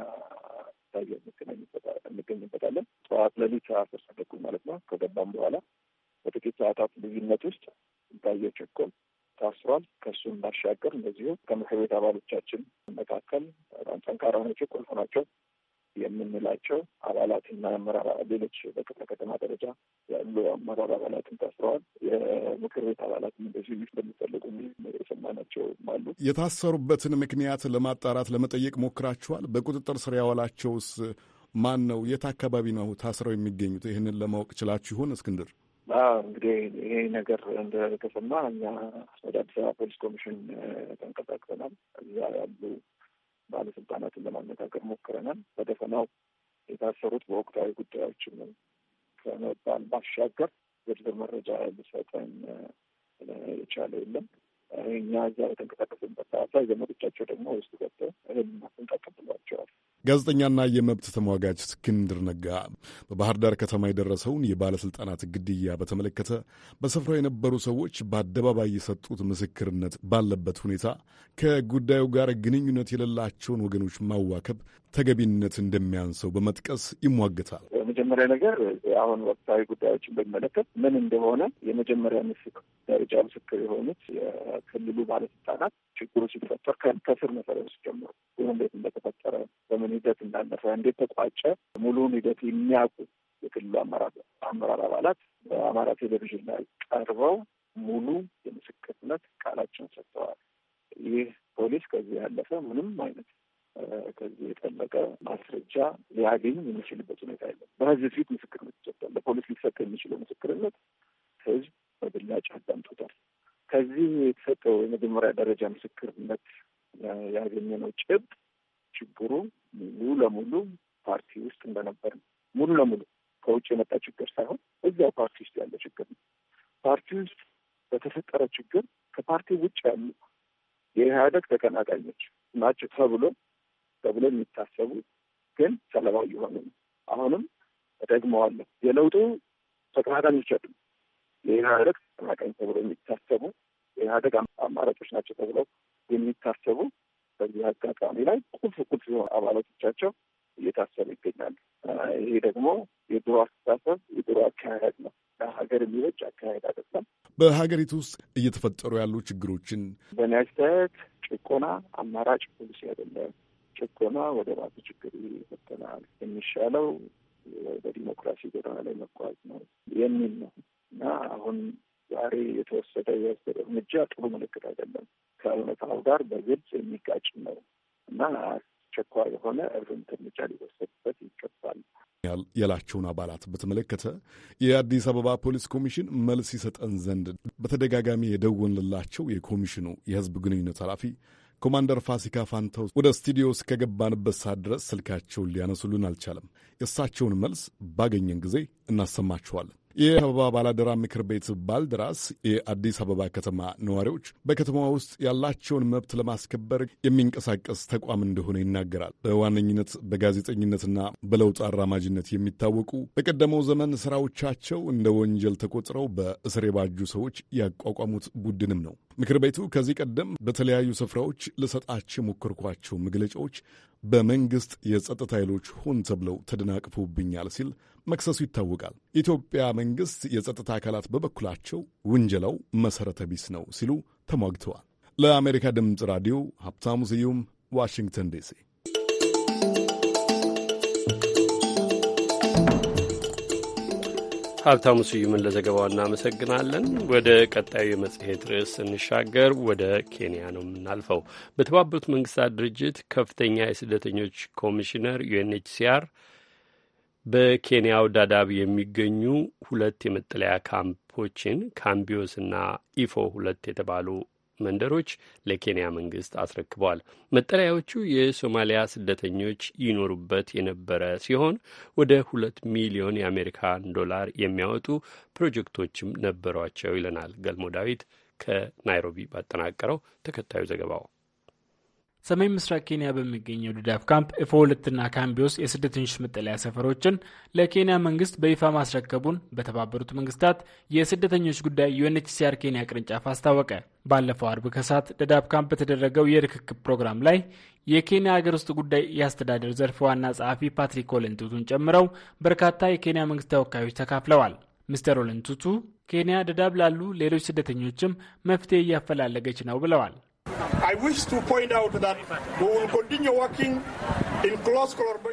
ታየ እንገኝበታለን። ጠዋት ለሊት አስር ሰዓት ተኩል ማለት ነው። ከገባም በኋላ በጥቂት ሰዓታት ልዩነት ውስጥ ታየ ቸኮል ታስሯል። ከእሱም ባሻገር እንደዚሁ ከምክር ቤት አባሎቻችን መካከል በጣም ጠንካራ ሆኖች ቁልፍ ናቸው የምንላቸው አባላትና አመራር ሌሎች በክፍለ ከተማ ደረጃ ያሉ አመራር አባላትን ታስረዋል። የምክር ቤት አባላትም እንደዚሁ እንደሚፈልጉ የሰማናቸው አሉ። የታሰሩበትን ምክንያት ለማጣራት ለመጠየቅ ሞክራችኋል? በቁጥጥር ስር ያዋላቸውስ ማን ነው? የት አካባቢ ነው ታስረው የሚገኙት? ይህንን ለማወቅ ችላችሁ ይሆን እስክንድር? እንግዲህ ይሄ ነገር እንደተሰማ እኛ ወደ አዲስ አበባ ፖሊስ ኮሚሽን ተንቀሳቅሰናል። እዛ ያሉ ባለስልጣናትን ለማነጋገር ሞክረናል። በደፈናው የታሰሩት በወቅታዊ ጉዳዮችም ከመባል ባሻገር ዝርዝር መረጃ ሊሰጠን የቻለ የለም። እኛ እዚያ በተንቀሳቀስንበት ሰዓት ላይ ዘመዶቻቸው ደግሞ ውስጥ ገብተው እህልና ስንቅ ብሏቸዋል። ጋዜጠኛና የመብት ተሟጋች እስክንድር ነጋ በባህር ዳር ከተማ የደረሰውን የባለሥልጣናት ግድያ በተመለከተ በስፍራው የነበሩ ሰዎች በአደባባይ የሰጡት ምስክርነት ባለበት ሁኔታ ከጉዳዩ ጋር ግንኙነት የሌላቸውን ወገኖች ማዋከብ ተገቢነት እንደሚያንሰው በመጥቀስ ይሟግታል። የመጀመሪያ ነገር አሁን ወቅታዊ ጉዳዮችን በሚመለከት ምን እንደሆነ የመጀመሪያ ምስክ ደረጃ ምስክር የሆኑት የክልሉ ባለስልጣናት ችግሩ ሲፈጠር ከስር መሰረት ይህ እንዴት እንደተፈጠረ በምን ሂደት እንዳለፈ እንዴት ተቋጨ ሙሉውን ሂደት የሚያውቁ የክልሉ አመራር አባላት በአማራ ቴሌቪዥን ላይ ቀርበው ሙሉ የምስክርነት ቃላቸውን ሰጥተዋል። ይህ ፖሊስ ከዚህ ያለፈ ምንም አይነት ከዚህ የጠለቀ ማስረጃ ሊያገኝ የሚችልበት ሁኔታ የለም። በህዝብ ፊት ምስክርነት ይሰጣል። ለፖሊስ ሊሰጥ የሚችለው ምስክርነት ህዝብ በብላጭ አዳምጦታል። ከዚህ የተሰጠው የመጀመሪያ ደረጃ ምስክርነት ያገኘነው ጭብጥ ችግሩ ሙሉ ለሙሉ ፓርቲ ውስጥ እንደነበር ነው። ሙሉ ለሙሉ ከውጭ የመጣ ችግር ሳይሆን እዚያው ፓርቲ ውስጥ ያለ ችግር ነው። ፓርቲ ውስጥ በተፈጠረ ችግር ከፓርቲ ውጭ ያሉ የኢህአደግ ተቀናቃኞች ናቸው ተብሎ ተብሎ የሚታሰቡ ግን ሰለባ እየሆኑ ነው። አሁንም እደግመዋለሁ፣ የለውጡ ተቀናቃኞች አሉ። የኢህአደግ ተቀናቃኝ ተብሎ የሚታሰቡ የኢህአደግ አማራጮች ናቸው ተብለው የሚታሰቡ በዚህ አጋጣሚ ላይ ቁልፍ ቁልፍ የሆኑ አባላቶቻቸው እየታሰሩ ይገኛሉ። ይሄ ደግሞ የድሮ አስተሳሰብ የድሮ አካሄድ ነው። ለሀገር የሚበጅ አካሄድ አይደለም። በሀገሪቱ ውስጥ እየተፈጠሩ ያሉ ችግሮችን ችግሮች አስተያየት ጭቆና አማራጭ ፖሊሲ አይደለም። ጭቆና ወደ ባሰ ችግር ይፈተናል። የሚሻለው በዲሞክራሲ ጎዳና ላይ መጓዝ ነው የሚል ነው እና አሁን ዛሬ የተወሰደ የወሰደ እርምጃ ጥሩ ምልክት አይደለም። ከእውነታው ጋር በግልጽ የሚጋጭ ነው እና አስቸኳይ የሆነ እርምት እርምጃ ሊወሰድበት ይገባል ያላቸውን አባላት በተመለከተ የአዲስ አበባ ፖሊስ ኮሚሽን መልስ ይሰጠን ዘንድ በተደጋጋሚ የደወንላቸው የኮሚሽኑ የሕዝብ ግንኙነት ኃላፊ ኮማንደር ፋሲካ ፋንተው ወደ ስቱዲዮ እስከገባንበት ሰዓት ድረስ ስልካቸውን ሊያነሱልን አልቻለም። የእሳቸውን መልስ ባገኘን ጊዜ እናሰማችኋለን። አበባ ባላደራ ምክር ቤት ባልደራስ የአዲስ አበባ ከተማ ነዋሪዎች በከተማ ውስጥ ያላቸውን መብት ለማስከበር የሚንቀሳቀስ ተቋም እንደሆነ ይናገራል። በዋነኝነት በጋዜጠኝነትና በለውጥ አራማጅነት የሚታወቁ በቀደመው ዘመን ስራዎቻቸው እንደ ወንጀል ተቆጥረው በእስር የባጁ ሰዎች ያቋቋሙት ቡድንም ነው። ምክር ቤቱ ከዚህ ቀደም በተለያዩ ስፍራዎች ልሰጣቸው የሞከርኳቸው መግለጫዎች በመንግስት የጸጥታ ኃይሎች ሆን ተብለው ተደናቅፎብኛል ሲል መክሰሱ ይታወቃል። ኢትዮጵያ መንግሥት የጸጥታ አካላት በበኩላቸው ውንጀላው መሠረተ ቢስ ነው ሲሉ ተሟግተዋል። ለአሜሪካ ድምፅ ራዲዮ ሀብታሙ ስዩም ዋሽንግተን ዲሲ። ሀብታሙ ስዩምን ለዘገባው እናመሰግናለን። ወደ ቀጣዩ የመጽሔት ርዕስ ስንሻገር ወደ ኬንያ ነው የምናልፈው። በተባበሩት መንግስታት ድርጅት ከፍተኛ የስደተኞች ኮሚሽነር ዩኤንኤችሲአር በኬንያው ዳዳብ የሚገኙ ሁለት የመጠለያ ካምፖችን ካምቢዮስና ኢፎ ሁለት የተባሉ መንደሮች ለኬንያ መንግስት አስረክበዋል። መጠለያዎቹ የሶማሊያ ስደተኞች ይኖሩበት የነበረ ሲሆን ወደ ሁለት ሚሊዮን የአሜሪካን ዶላር የሚያወጡ ፕሮጀክቶችም ነበሯቸው ይለናል ገልሞ ዳዊት ከናይሮቢ ባጠናቀረው ተከታዩ ዘገባው። ሰሜን ምስራቅ ኬንያ በሚገኘው ድዳፍ ካምፕ ኤፎ ሁለትና ካምቢዮስ የስደተኞች መጠለያ ሰፈሮችን ለኬንያ መንግስት በይፋ ማስረከቡን በተባበሩት መንግስታት የስደተኞች ጉዳይ ዩኤንኤችሲአር ኬንያ ቅርንጫፍ አስታወቀ። ባለፈው አርብ ከሰዓት ደዳብ ካምፕ በተደረገው የርክክብ ፕሮግራም ላይ የኬንያ አገር ውስጥ ጉዳይ የአስተዳደር ዘርፍ ዋና ጸሐፊ ፓትሪክ ኦለንቱቱን ጨምረው በርካታ የኬንያ መንግስት ተወካዮች ተካፍለዋል። ሚስተር ኦለንቱቱ ኬንያ ደዳብ ላሉ ሌሎች ስደተኞችም መፍትሄ እያፈላለገች ነው ብለዋል።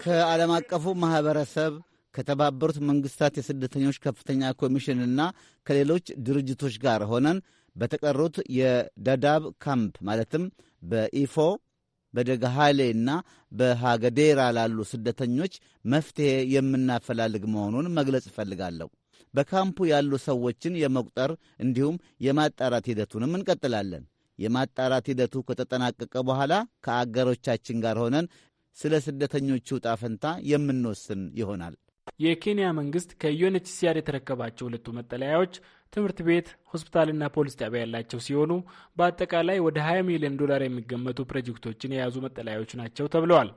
ከዓለም አቀፉ ማህበረሰብ ከተባበሩት መንግስታት የስደተኞች ከፍተኛ ኮሚሽንና ከሌሎች ድርጅቶች ጋር ሆነን በተቀሩት የዳዳብ ካምፕ ማለትም በኢፎ በደጋሃሌ እና በሃገዴራ ላሉ ስደተኞች መፍትሔ የምናፈላልግ መሆኑን መግለጽ እፈልጋለሁ። በካምፑ ያሉ ሰዎችን የመቁጠር እንዲሁም የማጣራት ሂደቱንም እንቀጥላለን። የማጣራት ሂደቱ ከተጠናቀቀ በኋላ ከአገሮቻችን ጋር ሆነን ስለ ስደተኞቹ ዕጣ ፈንታ የምንወስን ይሆናል። የኬንያ መንግስት ከዩኤንኤችሲአር የተረከባቸው ሁለቱ መጠለያዎች ትምህርት ቤት፣ ሆስፒታልና ፖሊስ ጣቢያ ያላቸው ሲሆኑ በአጠቃላይ ወደ 20 ሚሊዮን ዶላር የሚገመቱ ፕሮጀክቶችን የያዙ መጠለያዎች ናቸው ተብለዋል።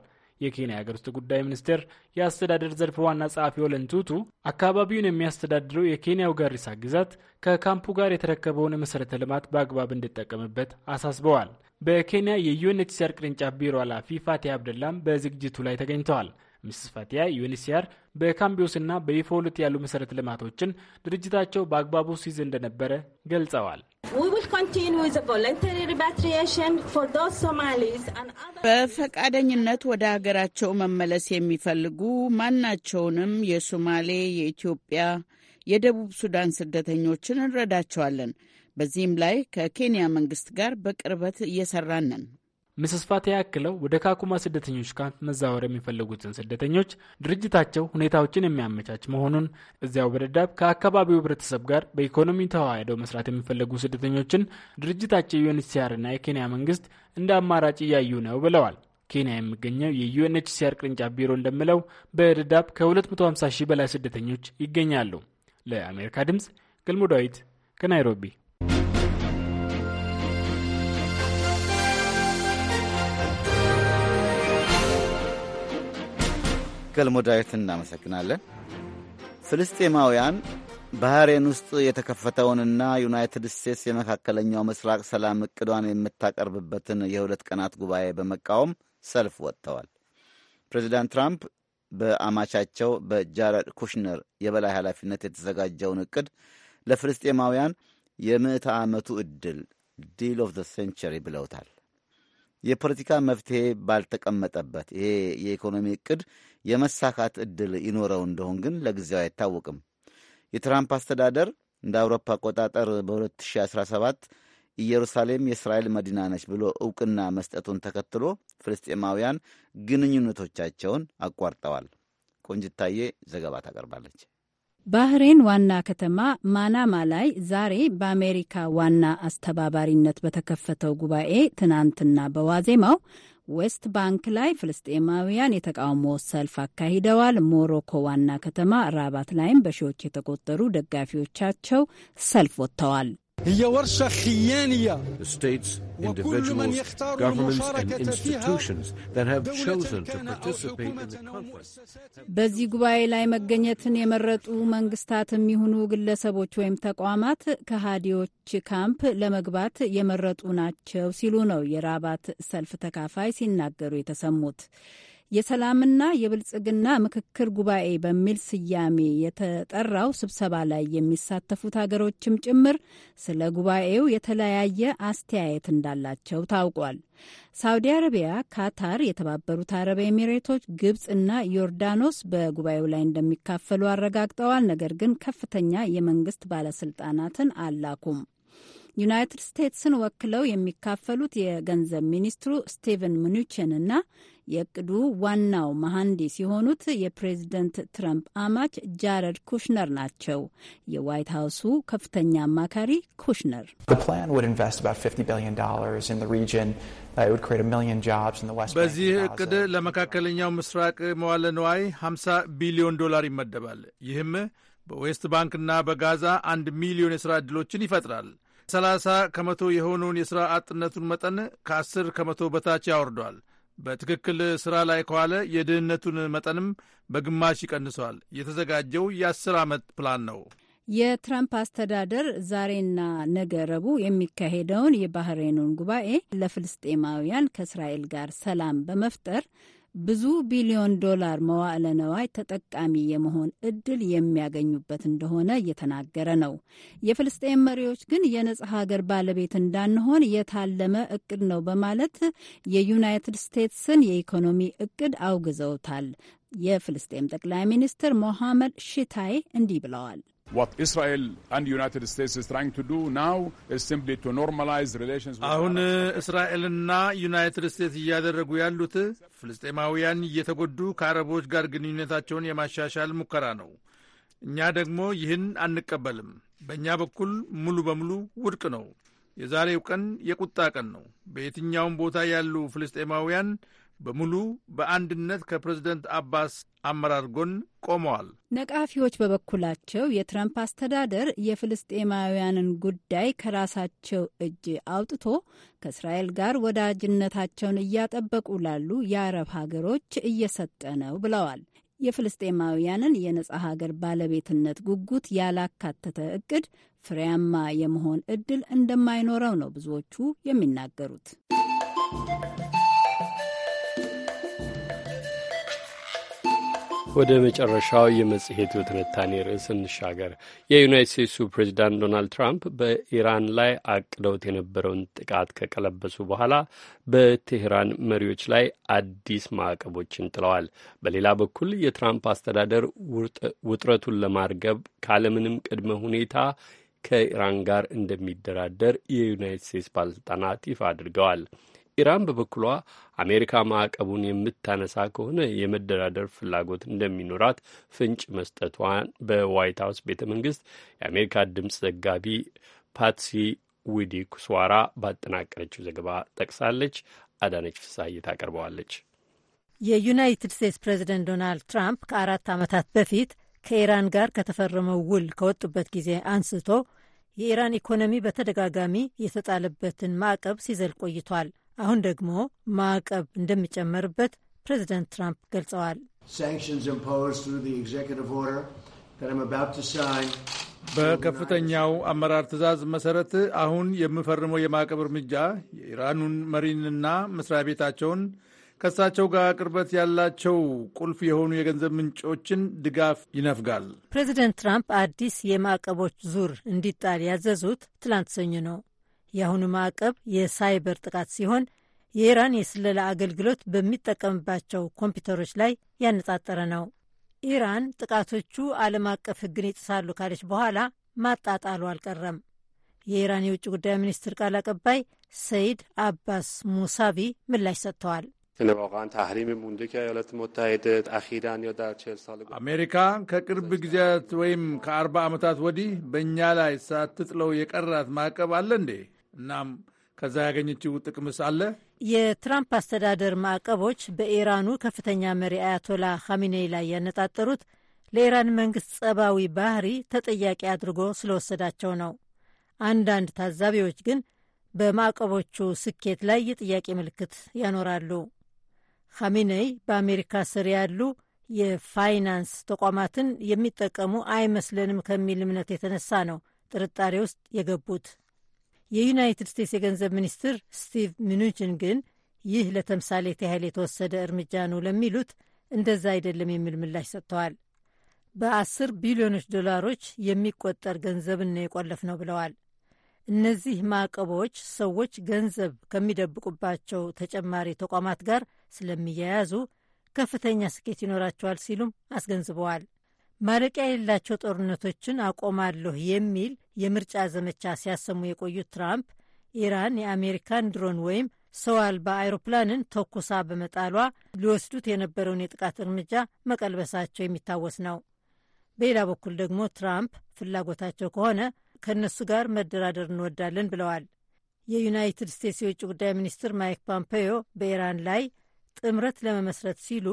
የኬንያ የሀገር ውስጥ ጉዳይ ሚኒስቴር የአስተዳደር ዘርፍ ዋና ጸሐፊ ኦለን ቱቱ አካባቢውን የሚያስተዳድረው የኬንያው ጋሪሳ ግዛት ከካምፑ ጋር የተረከበውን መሠረተ ልማት በአግባብ እንዲጠቀምበት አሳስበዋል። በኬንያ የዩኤንኤችሲአር ቅርንጫፍ ቢሮ ኃላፊ ፋቴ አብደላም በዝግጅቱ ላይ ተገኝተዋል። ሚስስ ፋቲያ ዩኒሲያር በካምቢዮስና በዩፎልት ያሉ መሰረተ ልማቶችን ድርጅታቸው በአግባቡ ሲይዝ እንደነበረ ገልጸዋል። በፈቃደኝነት ወደ ሀገራቸው መመለስ የሚፈልጉ ማናቸውንም የሶማሌ፣ የኢትዮጵያ፣ የደቡብ ሱዳን ስደተኞችን እንረዳቸዋለን። በዚህም ላይ ከኬንያ መንግስት ጋር በቅርበት እየሰራን ነን። ምስስ ፋቴ ያክለው ወደ ካኩማ ስደተኞች ካምፕ መዛወር የሚፈልጉትን ስደተኞች ድርጅታቸው ሁኔታዎችን የሚያመቻች መሆኑን እዚያው በደዳብ ከአካባቢው ህብረተሰብ ጋር በኢኮኖሚ ተዋህደው መስራት የሚፈልጉ ስደተኞችን ድርጅታቸው ዩኤንኤችሲአርና የኬንያ መንግስት እንደ አማራጭ እያዩ ነው ብለዋል። ኬንያ የሚገኘው የዩኤንኤችሲአር ቅርንጫፍ ቢሮ እንደሚለው በደዳብ ከ250 ሺህ በላይ ስደተኞች ይገኛሉ። ለአሜሪካ ድምፅ ገልሞ ዳዊት ከናይሮቢ ገልሞ ዳዊትን እናመሰግናለን። ፍልስጤማውያን ባህሬን ውስጥ የተከፈተውንና ዩናይትድ ስቴትስ የመካከለኛው ምስራቅ ሰላም እቅዷን የምታቀርብበትን የሁለት ቀናት ጉባኤ በመቃወም ሰልፍ ወጥተዋል። ፕሬዚዳንት ትራምፕ በአማቻቸው በጃረድ ኩሽነር የበላይ ኃላፊነት የተዘጋጀውን እቅድ ለፍልስጤማውያን የምዕተ ዓመቱ ዕድል ዲል ኦፍ ዘ ሴንቸሪ ብለውታል። የፖለቲካ መፍትሄ ባልተቀመጠበት ይሄ የኢኮኖሚ እቅድ የመሳካት እድል ይኖረው እንደሆን ግን ለጊዜው አይታወቅም። የትራምፕ አስተዳደር እንደ አውሮፓ አቆጣጠር በ2017 ኢየሩሳሌም የእስራኤል መዲና ነች ብሎ እውቅና መስጠቱን ተከትሎ ፍልስጤማውያን ግንኙነቶቻቸውን አቋርጠዋል። ቆንጅታዬ ዘገባ ታቀርባለች። ባህሬን ዋና ከተማ ማናማ ላይ ዛሬ በአሜሪካ ዋና አስተባባሪነት በተከፈተው ጉባኤ ትናንትና በዋዜማው ዌስት ባንክ ላይ ፍልስጤማውያን የተቃውሞ ሰልፍ አካሂደዋል። ሞሮኮ ዋና ከተማ ራባት ላይም በሺዎች የተቆጠሩ ደጋፊዎቻቸው ሰልፍ ወጥተዋል። በዚህ ጉባኤ ላይ መገኘትን የመረጡ መንግስታት የሚሆኑ ግለሰቦች ወይም ተቋማት ከሃዲዎች ካምፕ ለመግባት የመረጡ ናቸው ሲሉ ነው የራባት ሰልፍ ተካፋይ ሲናገሩ የተሰሙት። የሰላምና የብልጽግና ምክክር ጉባኤ በሚል ስያሜ የተጠራው ስብሰባ ላይ የሚሳተፉት ሀገሮችም ጭምር ስለ ጉባኤው የተለያየ አስተያየት እንዳላቸው ታውቋል። ሳውዲ አረቢያ፣ ካታር፣ የተባበሩት አረብ ኤሚሬቶች፣ ግብጽ እና ዮርዳኖስ በጉባኤው ላይ እንደሚካፈሉ አረጋግጠዋል። ነገር ግን ከፍተኛ የመንግስት ባለስልጣናትን አላኩም። ዩናይትድ ስቴትስን ወክለው የሚካፈሉት የገንዘብ ሚኒስትሩ ስቲቨን ምኑቺን እና የእቅዱ ዋናው መሐንዲስ የሆኑት የፕሬዝደንት ትራምፕ አማች ጃረድ ኩሽነር ናቸው። የዋይት ሀውሱ ከፍተኛ አማካሪ ኩሽነር uh, በዚህ እቅድ ለመካከለኛው ምስራቅ መዋለ ንዋይ 50 ቢሊዮን ዶላር ይመደባል። ይህም በዌስት ባንክና በጋዛ አንድ ሚሊዮን የሥራ ዕድሎችን ይፈጥራል። 30 ከመቶ የሆነውን የሥራ አጥነቱን መጠን ከ10 ከመቶ በታች ያወርደዋል። በትክክል ሥራ ላይ ከዋለ የድህነቱን መጠንም በግማሽ ይቀንሰዋል። የተዘጋጀው የአስር ዓመት ፕላን ነው። የትራምፕ አስተዳደር ዛሬና ነገ ረቡዕ የሚካሄደውን የባህሬኑን ጉባኤ ለፍልስጤማውያን ከእስራኤል ጋር ሰላም በመፍጠር ብዙ ቢሊዮን ዶላር መዋዕለ ነዋይ ተጠቃሚ የመሆን እድል የሚያገኙበት እንደሆነ እየተናገረ ነው። የፍልስጤን መሪዎች ግን የነጻ ሀገር ባለቤት እንዳንሆን የታለመ እቅድ ነው በማለት የዩናይትድ ስቴትስን የኢኮኖሚ እቅድ አውግዘውታል። የፍልስጤም ጠቅላይ ሚኒስትር ሞሐመድ ሽታይ እንዲህ ብለዋል። አሁን እስራኤልና ዩናይትድ ስቴትስ እያደረጉ ያሉት ፍልስጤማውያን እየተጎዱ ከአረቦች ጋር ግንኙነታቸውን የማሻሻል ሙከራ ነው። እኛ ደግሞ ይህን አንቀበልም። በእኛ በኩል ሙሉ በሙሉ ውድቅ ነው። የዛሬው ቀን የቁጣ ቀን ነው። በየትኛውም ቦታ ያሉ ፍልስጤማውያን በሙሉ በአንድነት ከፕሬዝደንት አባስ አመራር ጎን ቆመዋል። ነቃፊዎች በበኩላቸው የትራምፕ አስተዳደር የፍልስጤማውያንን ጉዳይ ከራሳቸው እጅ አውጥቶ ከእስራኤል ጋር ወዳጅነታቸውን እያጠበቁ ላሉ የአረብ ሀገሮች እየሰጠ ነው ብለዋል። የፍልስጤማውያንን የነጻ ሀገር ባለቤትነት ጉጉት ያላካተተ እቅድ ፍሬያማ የመሆን እድል እንደማይኖረው ነው ብዙዎቹ የሚናገሩት። ወደ መጨረሻው የመጽሔቱ ትንታኔ ርዕስ እንሻገር። የዩናይት ስቴትሱ ፕሬዚዳንት ዶናልድ ትራምፕ በኢራን ላይ አቅደውት የነበረውን ጥቃት ከቀለበሱ በኋላ በቴህራን መሪዎች ላይ አዲስ ማዕቀቦችን ጥለዋል። በሌላ በኩል የትራምፕ አስተዳደር ውጥረቱን ለማርገብ ካለምንም ቅድመ ሁኔታ ከኢራን ጋር እንደሚደራደር የዩናይት ስቴትስ ባለስልጣናት ይፋ አድርገዋል። ኢራን በበኩሏ አሜሪካ ማዕቀቡን የምታነሳ ከሆነ የመደራደር ፍላጎት እንደሚኖራት ፍንጭ መስጠቷን በዋይት ሀውስ ቤተ መንግስት የአሜሪካ ድምፅ ዘጋቢ ፓትሲ ዊዲ ኩስዋራ ባጠናቀረችው ዘገባ ጠቅሳለች። አዳነች ፍሳይ ታቀርበዋለች። የዩናይትድ ስቴትስ ፕሬዚደንት ዶናልድ ትራምፕ ከአራት ዓመታት በፊት ከኢራን ጋር ከተፈረመው ውል ከወጡበት ጊዜ አንስቶ የኢራን ኢኮኖሚ በተደጋጋሚ የተጣለበትን ማዕቀብ ሲዘል ቆይቷል። አሁን ደግሞ ማዕቀብ እንደሚጨመርበት ፕሬዚደንት ትራምፕ ገልጸዋል። በከፍተኛው አመራር ትዕዛዝ መሰረት አሁን የምፈርመው የማዕቀብ እርምጃ የኢራኑን መሪንና መስሪያ ቤታቸውን ከእሳቸው ጋር ቅርበት ያላቸው ቁልፍ የሆኑ የገንዘብ ምንጮችን ድጋፍ ይነፍጋል። ፕሬዚደንት ትራምፕ አዲስ የማዕቀቦች ዙር እንዲጣል ያዘዙት ትላንት ሰኞ ነው። የአሁኑ ማዕቀብ የሳይበር ጥቃት ሲሆን የኢራን የስለላ አገልግሎት በሚጠቀምባቸው ኮምፒውተሮች ላይ ያነጣጠረ ነው። ኢራን ጥቃቶቹ ዓለም አቀፍ ሕግን ይጥሳሉ ካለች በኋላ ማጣጣሉ አልቀረም። የኢራን የውጭ ጉዳይ ሚኒስትር ቃል አቀባይ ሰይድ አባስ ሙሳቪ ምላሽ ሰጥተዋል። አሜሪካ ከቅርብ ጊዜያት ወይም ከአርባ ዓመታት ወዲህ በእኛ ላይ ሳትጥለው የቀራት ማዕቀብ አለ እንዴ? እናም ከዛ ያገኘችው ጥቅምስ አለ? የትራምፕ አስተዳደር ማዕቀቦች በኢራኑ ከፍተኛ መሪ አያቶላ ኻሚኔይ ላይ ያነጣጠሩት ለኢራን መንግስት ጸባዊ ባህሪ ተጠያቂ አድርጎ ስለወሰዳቸው ነው። አንዳንድ ታዛቢዎች ግን በማዕቀቦቹ ስኬት ላይ የጥያቄ ምልክት ያኖራሉ። ኻሚኔይ በአሜሪካ ስር ያሉ የፋይናንስ ተቋማትን የሚጠቀሙ አይመስለንም ከሚል እምነት የተነሳ ነው ጥርጣሬ ውስጥ የገቡት። የዩናይትድ ስቴትስ የገንዘብ ሚኒስትር ስቲቭ ምኑችን ግን ይህ ለተምሳሌት ያህል የተወሰደ እርምጃ ነው ለሚሉት እንደዛ አይደለም የሚል ምላሽ ሰጥተዋል። በአስር ቢሊዮኖች ዶላሮች የሚቆጠር ገንዘብን ነው የቆለፍ ነው ብለዋል። እነዚህ ማዕቀቦች ሰዎች ገንዘብ ከሚደብቁባቸው ተጨማሪ ተቋማት ጋር ስለሚያያዙ ከፍተኛ ስኬት ይኖራቸዋል ሲሉም አስገንዝበዋል። ማለቂያ የሌላቸው ጦርነቶችን አቆማለሁ የሚል የምርጫ ዘመቻ ሲያሰሙ የቆዩት ትራምፕ ኢራን የአሜሪካን ድሮን ወይም ሰው አልባ አይሮፕላንን ተኩሳ በመጣሏ ሊወስዱት የነበረውን የጥቃት እርምጃ መቀልበሳቸው የሚታወስ ነው። በሌላ በኩል ደግሞ ትራምፕ ፍላጎታቸው ከሆነ ከእነሱ ጋር መደራደር እንወዳለን ብለዋል። የዩናይትድ ስቴትስ የውጭ ጉዳይ ሚኒስትር ማይክ ፖምፔዮ በኢራን ላይ ጥምረት ለመመስረት ሲሉ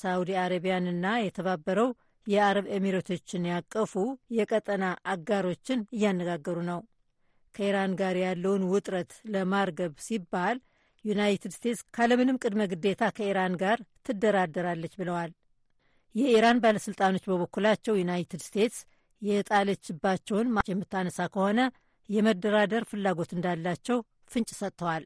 ሳዑዲ አረቢያንና የተባበረው የአረብ ኤሚሬቶችን ያቀፉ የቀጠና አጋሮችን እያነጋገሩ ነው። ከኢራን ጋር ያለውን ውጥረት ለማርገብ ሲባል ዩናይትድ ስቴትስ ካለምንም ቅድመ ግዴታ ከኢራን ጋር ትደራደራለች ብለዋል። የኢራን ባለሥልጣኖች በበኩላቸው ዩናይትድ ስቴትስ የጣለችባቸውን የምታነሳ ከሆነ የመደራደር ፍላጎት እንዳላቸው ፍንጭ ሰጥተዋል።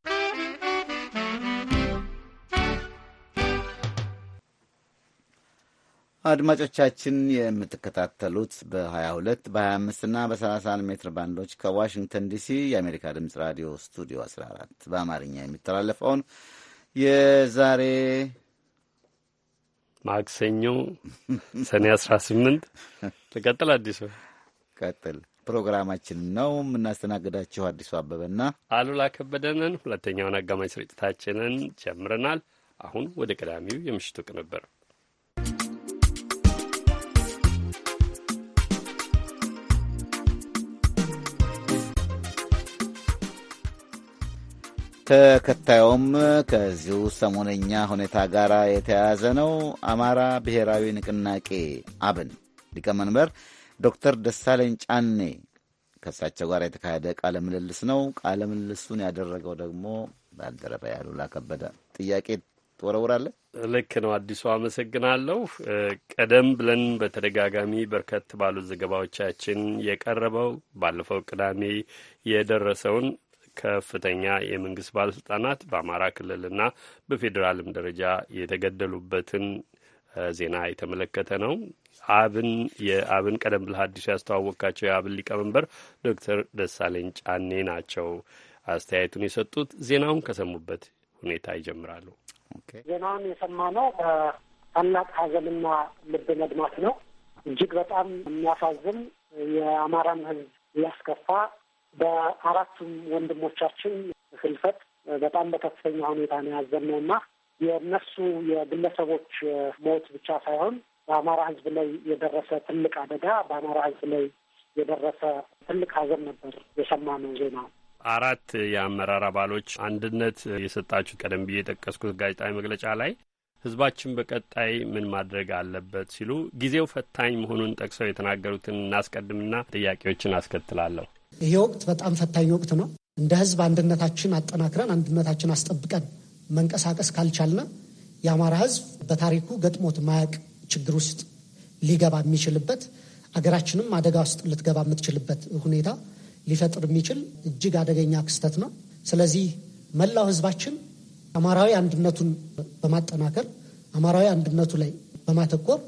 አድማጮቻችን የምትከታተሉት በ22 በ25 እና በ31 ሜትር ባንዶች ከዋሽንግተን ዲሲ የአሜሪካ ድምፅ ራዲዮ ስቱዲዮ 14 በአማርኛ የሚተላለፈውን የዛሬ ማክሰኞ ሰኔ 18 ተቀጥል አዲሱ ቀጥል ፕሮግራማችን ነው የምናስተናግዳችሁ አዲሱ አበበና አሉላ ከበደንን ሁለተኛውን አጋማሽ ስርጭታችንን ጀምረናል። አሁን ወደ ቀዳሚው የምሽቱ ቅንብር ተከታዩም ከዚሁ ሰሞነኛ ሁኔታ ጋር የተያያዘ ነው። አማራ ብሔራዊ ንቅናቄ አብን ሊቀመንበር ዶክተር ደሳለኝ ጫኔ ከእሳቸው ጋር የተካሄደ ቃለ ምልልስ ነው። ቃለ ምልልሱን ያደረገው ደግሞ ባልደረባ ያሉላ ከበደ። ጥያቄ ትወረውራለ። ልክ ነው አዲሱ፣ አመሰግናለሁ። ቀደም ብለን በተደጋጋሚ በርከት ባሉት ዘገባዎቻችን የቀረበው ባለፈው ቅዳሜ የደረሰውን ከፍተኛ የመንግስት ባለስልጣናት በአማራ ክልልና በፌዴራልም ደረጃ የተገደሉበትን ዜና የተመለከተ ነው። አብን የአብን ቀደም ብለህ አዲሱ ያስተዋወቃቸው የአብን ሊቀመንበር ዶክተር ደሳለኝ ጫኔ ናቸው አስተያየቱን የሰጡት። ዜናውን ከሰሙበት ሁኔታ ይጀምራሉ። ዜናውን የሰማነው በታላቅ ሀዘንና ልብ መድማት ነው። እጅግ በጣም የሚያሳዝን የአማራን ህዝብ ያስከፋ በአራቱም ወንድሞቻችን ህልፈት በጣም በከፍተኛ ሁኔታ ነው ያዘነው እና የእነሱ የግለሰቦች ሞት ብቻ ሳይሆን በአማራ ህዝብ ላይ የደረሰ ትልቅ አደጋ፣ በአማራ ህዝብ ላይ የደረሰ ትልቅ ሀዘን ነበር የሰማነው ዜና። አራት የአመራር አባሎች አንድነት የሰጣችሁ ቀደም ብዬ የጠቀስኩት ጋዜጣዊ መግለጫ ላይ ህዝባችን በቀጣይ ምን ማድረግ አለበት ሲሉ ጊዜው ፈታኝ መሆኑን ጠቅሰው የተናገሩትን እናስቀድምና ጥያቄዎችን አስከትላለሁ። ይሄ ወቅት በጣም ፈታኝ ወቅት ነው። እንደ ህዝብ አንድነታችን አጠናክረን አንድነታችን አስጠብቀን መንቀሳቀስ ካልቻልነ የአማራ ህዝብ በታሪኩ ገጥሞት ማያቅ ችግር ውስጥ ሊገባ የሚችልበት አገራችንም አደጋ ውስጥ ልትገባ የምትችልበት ሁኔታ ሊፈጥር የሚችል እጅግ አደገኛ ክስተት ነው። ስለዚህ መላው ህዝባችን አማራዊ አንድነቱን በማጠናከር አማራዊ አንድነቱ ላይ በማተኮር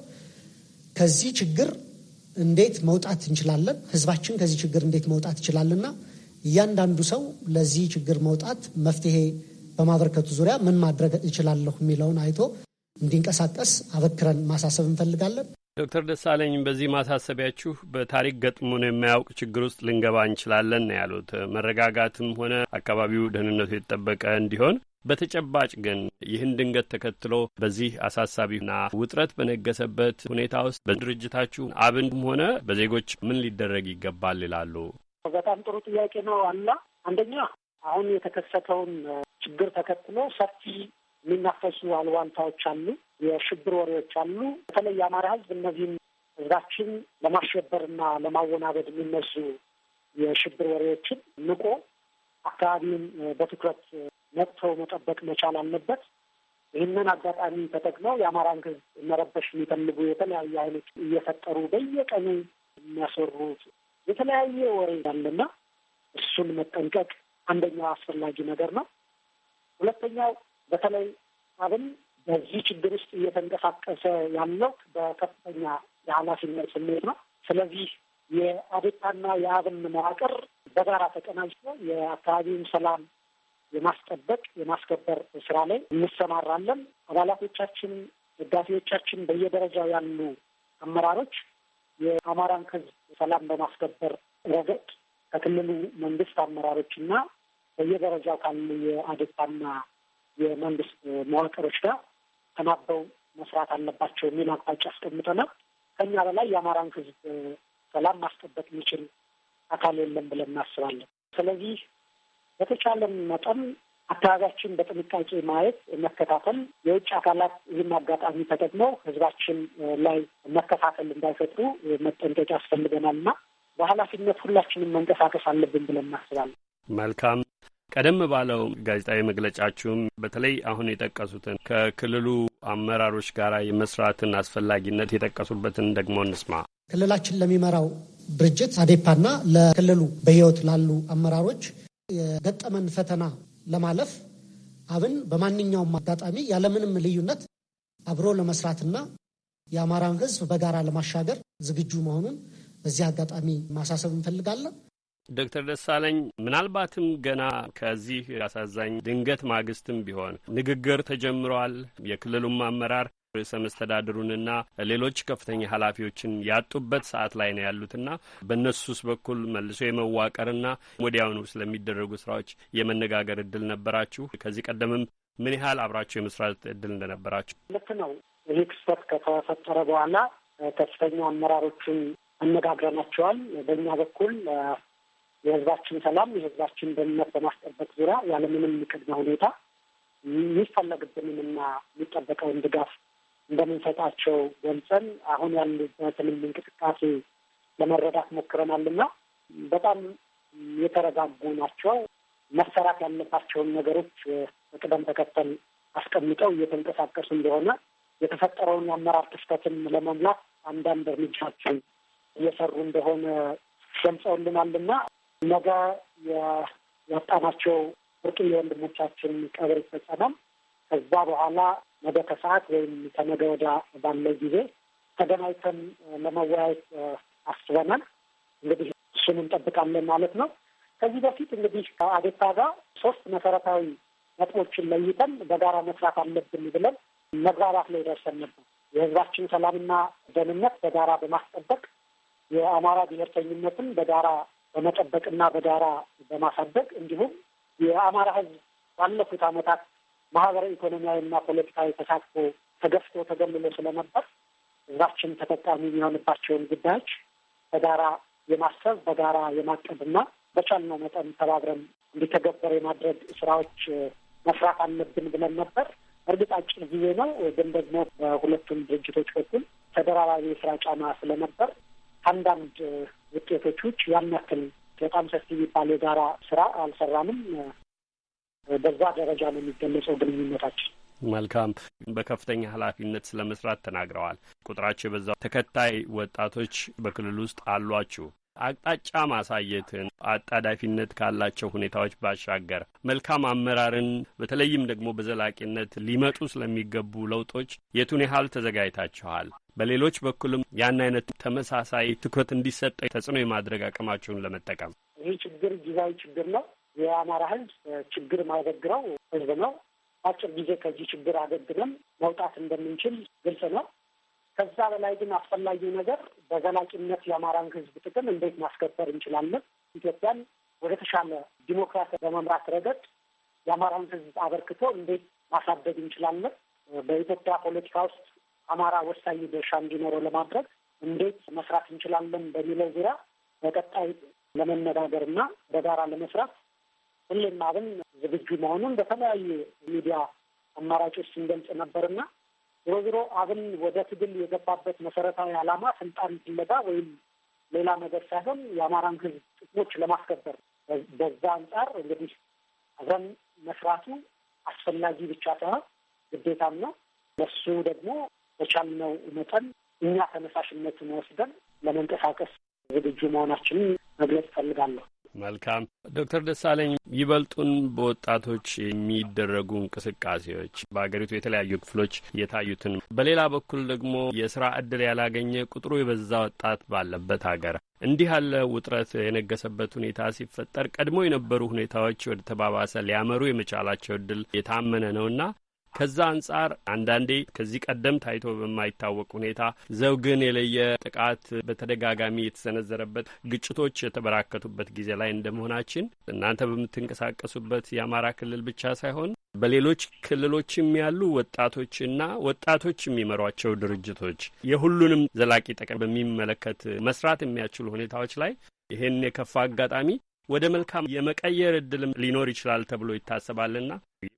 ከዚህ ችግር እንዴት መውጣት እንችላለን፣ ህዝባችን ከዚህ ችግር እንዴት መውጣት ይችላልና እያንዳንዱ ሰው ለዚህ ችግር መውጣት መፍትሄ በማበረከቱ ዙሪያ ምን ማድረግ እችላለሁ የሚለውን አይቶ እንዲንቀሳቀስ አበክረን ማሳሰብ እንፈልጋለን። ዶክተር ደሳለኝ በዚህ ማሳሰቢያችሁ በታሪክ ገጥሞን የማያውቅ ችግር ውስጥ ልንገባ እንችላለን ነው ያሉት። መረጋጋትም ሆነ አካባቢው ደህንነቱ የተጠበቀ እንዲሆን በተጨባጭ ግን ይህን ድንገት ተከትሎ በዚህ አሳሳቢና ውጥረት በነገሰበት ሁኔታ ውስጥ በድርጅታችሁ አብንም ሆነ በዜጎች ምን ሊደረግ ይገባል ይላሉ? በጣም ጥሩ ጥያቄ ነው አላ አንደኛ አሁን የተከሰተውን ችግር ተከትሎ ሰፊ የሚናፈሱ አልዋንታዎች አሉ፣ የሽብር ወሬዎች አሉ። በተለይ የአማራ ሕዝብ እነዚህም ህዝባችን ለማሸበርና ለማወናበድ የሚነሱ የሽብር ወሬዎችን ንቆ አካባቢውን በትኩረት ነቅተው መጠበቅ መቻል አለበት። ይህንን አጋጣሚ ተጠቅመው የአማራን ሕዝብ መረበሽ የሚፈልጉ የተለያዩ ኃይሎች እየፈጠሩ በየቀኑ የሚያሰሩት የተለያየ ወሬ ያለና እሱን መጠንቀቅ አንደኛው አስፈላጊ ነገር ነው። ሁለተኛው በተለይ አብን በዚህ ችግር ውስጥ እየተንቀሳቀሰ ያለው በከፍተኛ የኃላፊነት ስሜት ነው። ስለዚህ የአዴፓና የአብን መዋቅር በጋራ ተቀናጅቶ የአካባቢውን ሰላም የማስጠበቅ የማስከበር ስራ ላይ እንሰማራለን። አባላቶቻችን፣ ደጋፊዎቻችን፣ በየደረጃው ያሉ አመራሮች የአማራን ህዝብ ሰላም በማስከበር ረገድ ከክልሉ መንግስት አመራሮች እና በየደረጃው ካሉ የአዴፓና የመንግስት መዋቅሮች ጋር ተናበው መስራት አለባቸው የሚል አቅጣጫ አስቀምጠናል። ከኛ በላይ የአማራን ህዝብ ሰላም ማስጠበቅ የሚችል አካል የለም ብለን እናስባለን። ስለዚህ በተቻለ መጠን አካባቢያችን በጥንቃቄ ማየት፣ መከታተል የውጭ አካላት ይህን አጋጣሚ ተጠቅመው ህዝባችን ላይ መከፋፈል እንዳይፈጥሩ መጠንቀቅ ያስፈልገናል እና በኃላፊነት ሁላችንም መንቀሳቀስ አለብን ብለን እናስባለን። መልካም። ቀደም ባለው ጋዜጣዊ መግለጫችሁም በተለይ አሁን የጠቀሱትን ከክልሉ አመራሮች ጋር የመስራትን አስፈላጊነት የጠቀሱበትን ደግሞ እንስማ። ክልላችን ለሚመራው ድርጅት አዴፓና ለክልሉ በህይወት ላሉ አመራሮች የገጠመን ፈተና ለማለፍ አብን በማንኛውም አጋጣሚ ያለምንም ልዩነት አብሮ ለመስራትና የአማራን ሕዝብ በጋራ ለማሻገር ዝግጁ መሆኑን በዚህ አጋጣሚ ማሳሰብ እንፈልጋለን። ዶክተር ደሳለኝ ምናልባትም ገና ከዚህ አሳዛኝ ድንገት ማግስትም ቢሆን ንግግር ተጀምረዋል። የክልሉም አመራር ርዕሰ መስተዳድሩንና ሌሎች ከፍተኛ ኃላፊዎችን ያጡበት ሰዓት ላይ ነው ያሉትና በእነሱስ በኩል መልሶ የመዋቀርና ወዲያውኑ ስለሚደረጉ ስራዎች የመነጋገር እድል ነበራችሁ? ከዚህ ቀደምም ምን ያህል አብራችሁ የመስራት እድል እንደነበራችሁ? ልክ ነው። ይህ ክስተት ከተፈጠረ በኋላ ከፍተኛ አመራሮችን አነጋግረናቸዋል። በእኛ በኩል የህዝባችን ሰላም፣ የህዝባችን ደህንነት በማስጠበቅ ዙሪያ ያለምንም ቅድመ ሁኔታ የሚፈለግብንንና የሚጠበቀውን ድጋፍ እንደምንሰጣቸው ገልጸን አሁን ያሉበትንም እንቅስቃሴ ለመረዳት ሞክረናል በጣም የተረጋጉ ናቸው። መሰራት ያለባቸውን ነገሮች በቅደም ተከተል አስቀምጠው እየተንቀሳቀሱ እንደሆነ የተፈጠረውን የአመራር ክፍተትን ለመሙላት አንዳንድ እርምጃዎችን እየሰሩ እንደሆነ ገልጸውልናል ነገ ያጣናቸው ብርቅዬ ወንድሞቻችን ቀብር ይፈጸማል። ከዛ በኋላ ነገ ከሰዓት ወይም ከነገ ወዲያ ባለው ጊዜ ተገናኝተን ለመወያየት አስበናል። እንግዲህ እሱን እንጠብቃለን ማለት ነው። ከዚህ በፊት እንግዲህ ከአዴፓ ጋር ሶስት መሰረታዊ ነጥቦችን ለይተን በጋራ መስራት አለብን ብለን መግባባት ላይ ደርሰን ነበር። የህዝባችን ሰላምና ደህንነት በጋራ በማስጠበቅ የአማራ ብሔርተኝነትን በጋራ በመጠበቅና በጋራ በማሳደግ እንዲሁም የአማራ ህዝብ ባለፉት ዓመታት ማህበራዊ፣ ኢኮኖሚያዊ ና ፖለቲካዊ ተሳትፎ ተገፍቶ ተገልሎ ስለነበር ህዝባችን ተጠቃሚ የሚሆንባቸውን ጉዳዮች በጋራ የማሰብ በጋራ የማቀድና በቻልነው መጠን ተባብረን እንዲተገበር የማድረግ ስራዎች መስራት አለብን ብለን ነበር። እርግጥ አጭር ጊዜ ነው፣ ግን ደግሞ በሁለቱም ድርጅቶች በኩል ተደራራቢ የስራ ጫና ስለነበር አንዳንድ ውጤቶች ውጭ ያን ያክል በጣም ሰፊ የሚባል የጋራ ስራ አልሰራንም። በዛ ደረጃ ነው የሚገለጸው ግንኙነታችን። መልካም። በከፍተኛ ኃላፊነት ስለ መስራት ተናግረዋል። ቁጥራቸው የበዛው ተከታይ ወጣቶች በክልል ውስጥ አሏችሁ። አቅጣጫ ማሳየትን አጣዳፊነት ካላቸው ሁኔታዎች ባሻገር መልካም አመራርን በተለይም ደግሞ በዘላቂነት ሊመጡ ስለሚገቡ ለውጦች የቱን ያህል ተዘጋጅታችኋል? በሌሎች በኩልም ያን አይነት ተመሳሳይ ትኩረት እንዲሰጠ ተጽዕኖ የማድረግ አቅማችሁን ለመጠቀም ይህ ችግር ጊዜያዊ ችግር ነው። የአማራ ህዝብ ችግር ማይበግረው ህዝብ ነው። አጭር ጊዜ ከዚህ ችግር አገግመን መውጣት እንደምንችል ግልጽ ነው። ከዛ በላይ ግን አስፈላጊው ነገር በዘላቂነት የአማራን ህዝብ ጥቅም እንዴት ማስከበር እንችላለን፣ ኢትዮጵያን ወደ ተሻለ ዲሞክራሲ በመምራት ረገድ የአማራን ህዝብ አበርክቶ እንዴት ማሳደግ እንችላለን፣ በኢትዮጵያ ፖለቲካ ውስጥ አማራ ወሳኝ ድርሻ እንዲኖረው ለማድረግ እንዴት መስራት እንችላለን በሚለው ዙሪያ በቀጣይ ለመነጋገር እና በጋራ ለመስራት ሁሌም አብን ዝግጁ መሆኑን በተለያዩ ሚዲያ አማራጮች ስንገልጽ ነበርና ዞሮ ዞሮ አብን ወደ ትግል የገባበት መሰረታዊ ዓላማ ስልጣን ፍለጋ ወይም ሌላ ነገር ሳይሆን የአማራን ህዝብ ጥቅሞች ለማስከበር በዛ አንጻር እንግዲህ አብረን መስራቱ አስፈላጊ ብቻ ሳይሆን ግዴታም ነው። ለሱ ደግሞ በቻልነው መጠን እኛ ተነሳሽነትን ወስደን ለመንቀሳቀስ ዝግጁ መሆናችንን መግለጽ እፈልጋለሁ። መልካም ዶክተር ደሳለኝ ይበልጡን በወጣቶች የሚደረጉ እንቅስቃሴዎች በሀገሪቱ የተለያዩ ክፍሎች የታዩትን፣ በሌላ በኩል ደግሞ የስራ እድል ያላገኘ ቁጥሩ የበዛ ወጣት ባለበት ሀገር እንዲህ ያለ ውጥረት የነገሰበት ሁኔታ ሲፈጠር ቀድሞ የነበሩ ሁኔታዎች ወደ ተባባሰ ሊያመሩ የመቻላቸው እድል የታመነ ነውና ከዛ አንጻር አንዳንዴ ከዚህ ቀደም ታይቶ በማይታወቅ ሁኔታ ዘውግን የለየ ጥቃት በተደጋጋሚ የተሰነዘረበት ግጭቶች የተበራከቱበት ጊዜ ላይ እንደመሆናችን እናንተ በምትንቀሳቀሱበት የአማራ ክልል ብቻ ሳይሆን በሌሎች ክልሎችም ያሉ ወጣቶችና ወጣቶች የሚመሯቸው ድርጅቶች የሁሉንም ዘላቂ ጠቀም በሚመለከት መስራት የሚያስችሉ ሁኔታዎች ላይ ይህን የከፋ አጋጣሚ ወደ መልካም የመቀየር እድልም ሊኖር ይችላል ተብሎ ይታሰባልና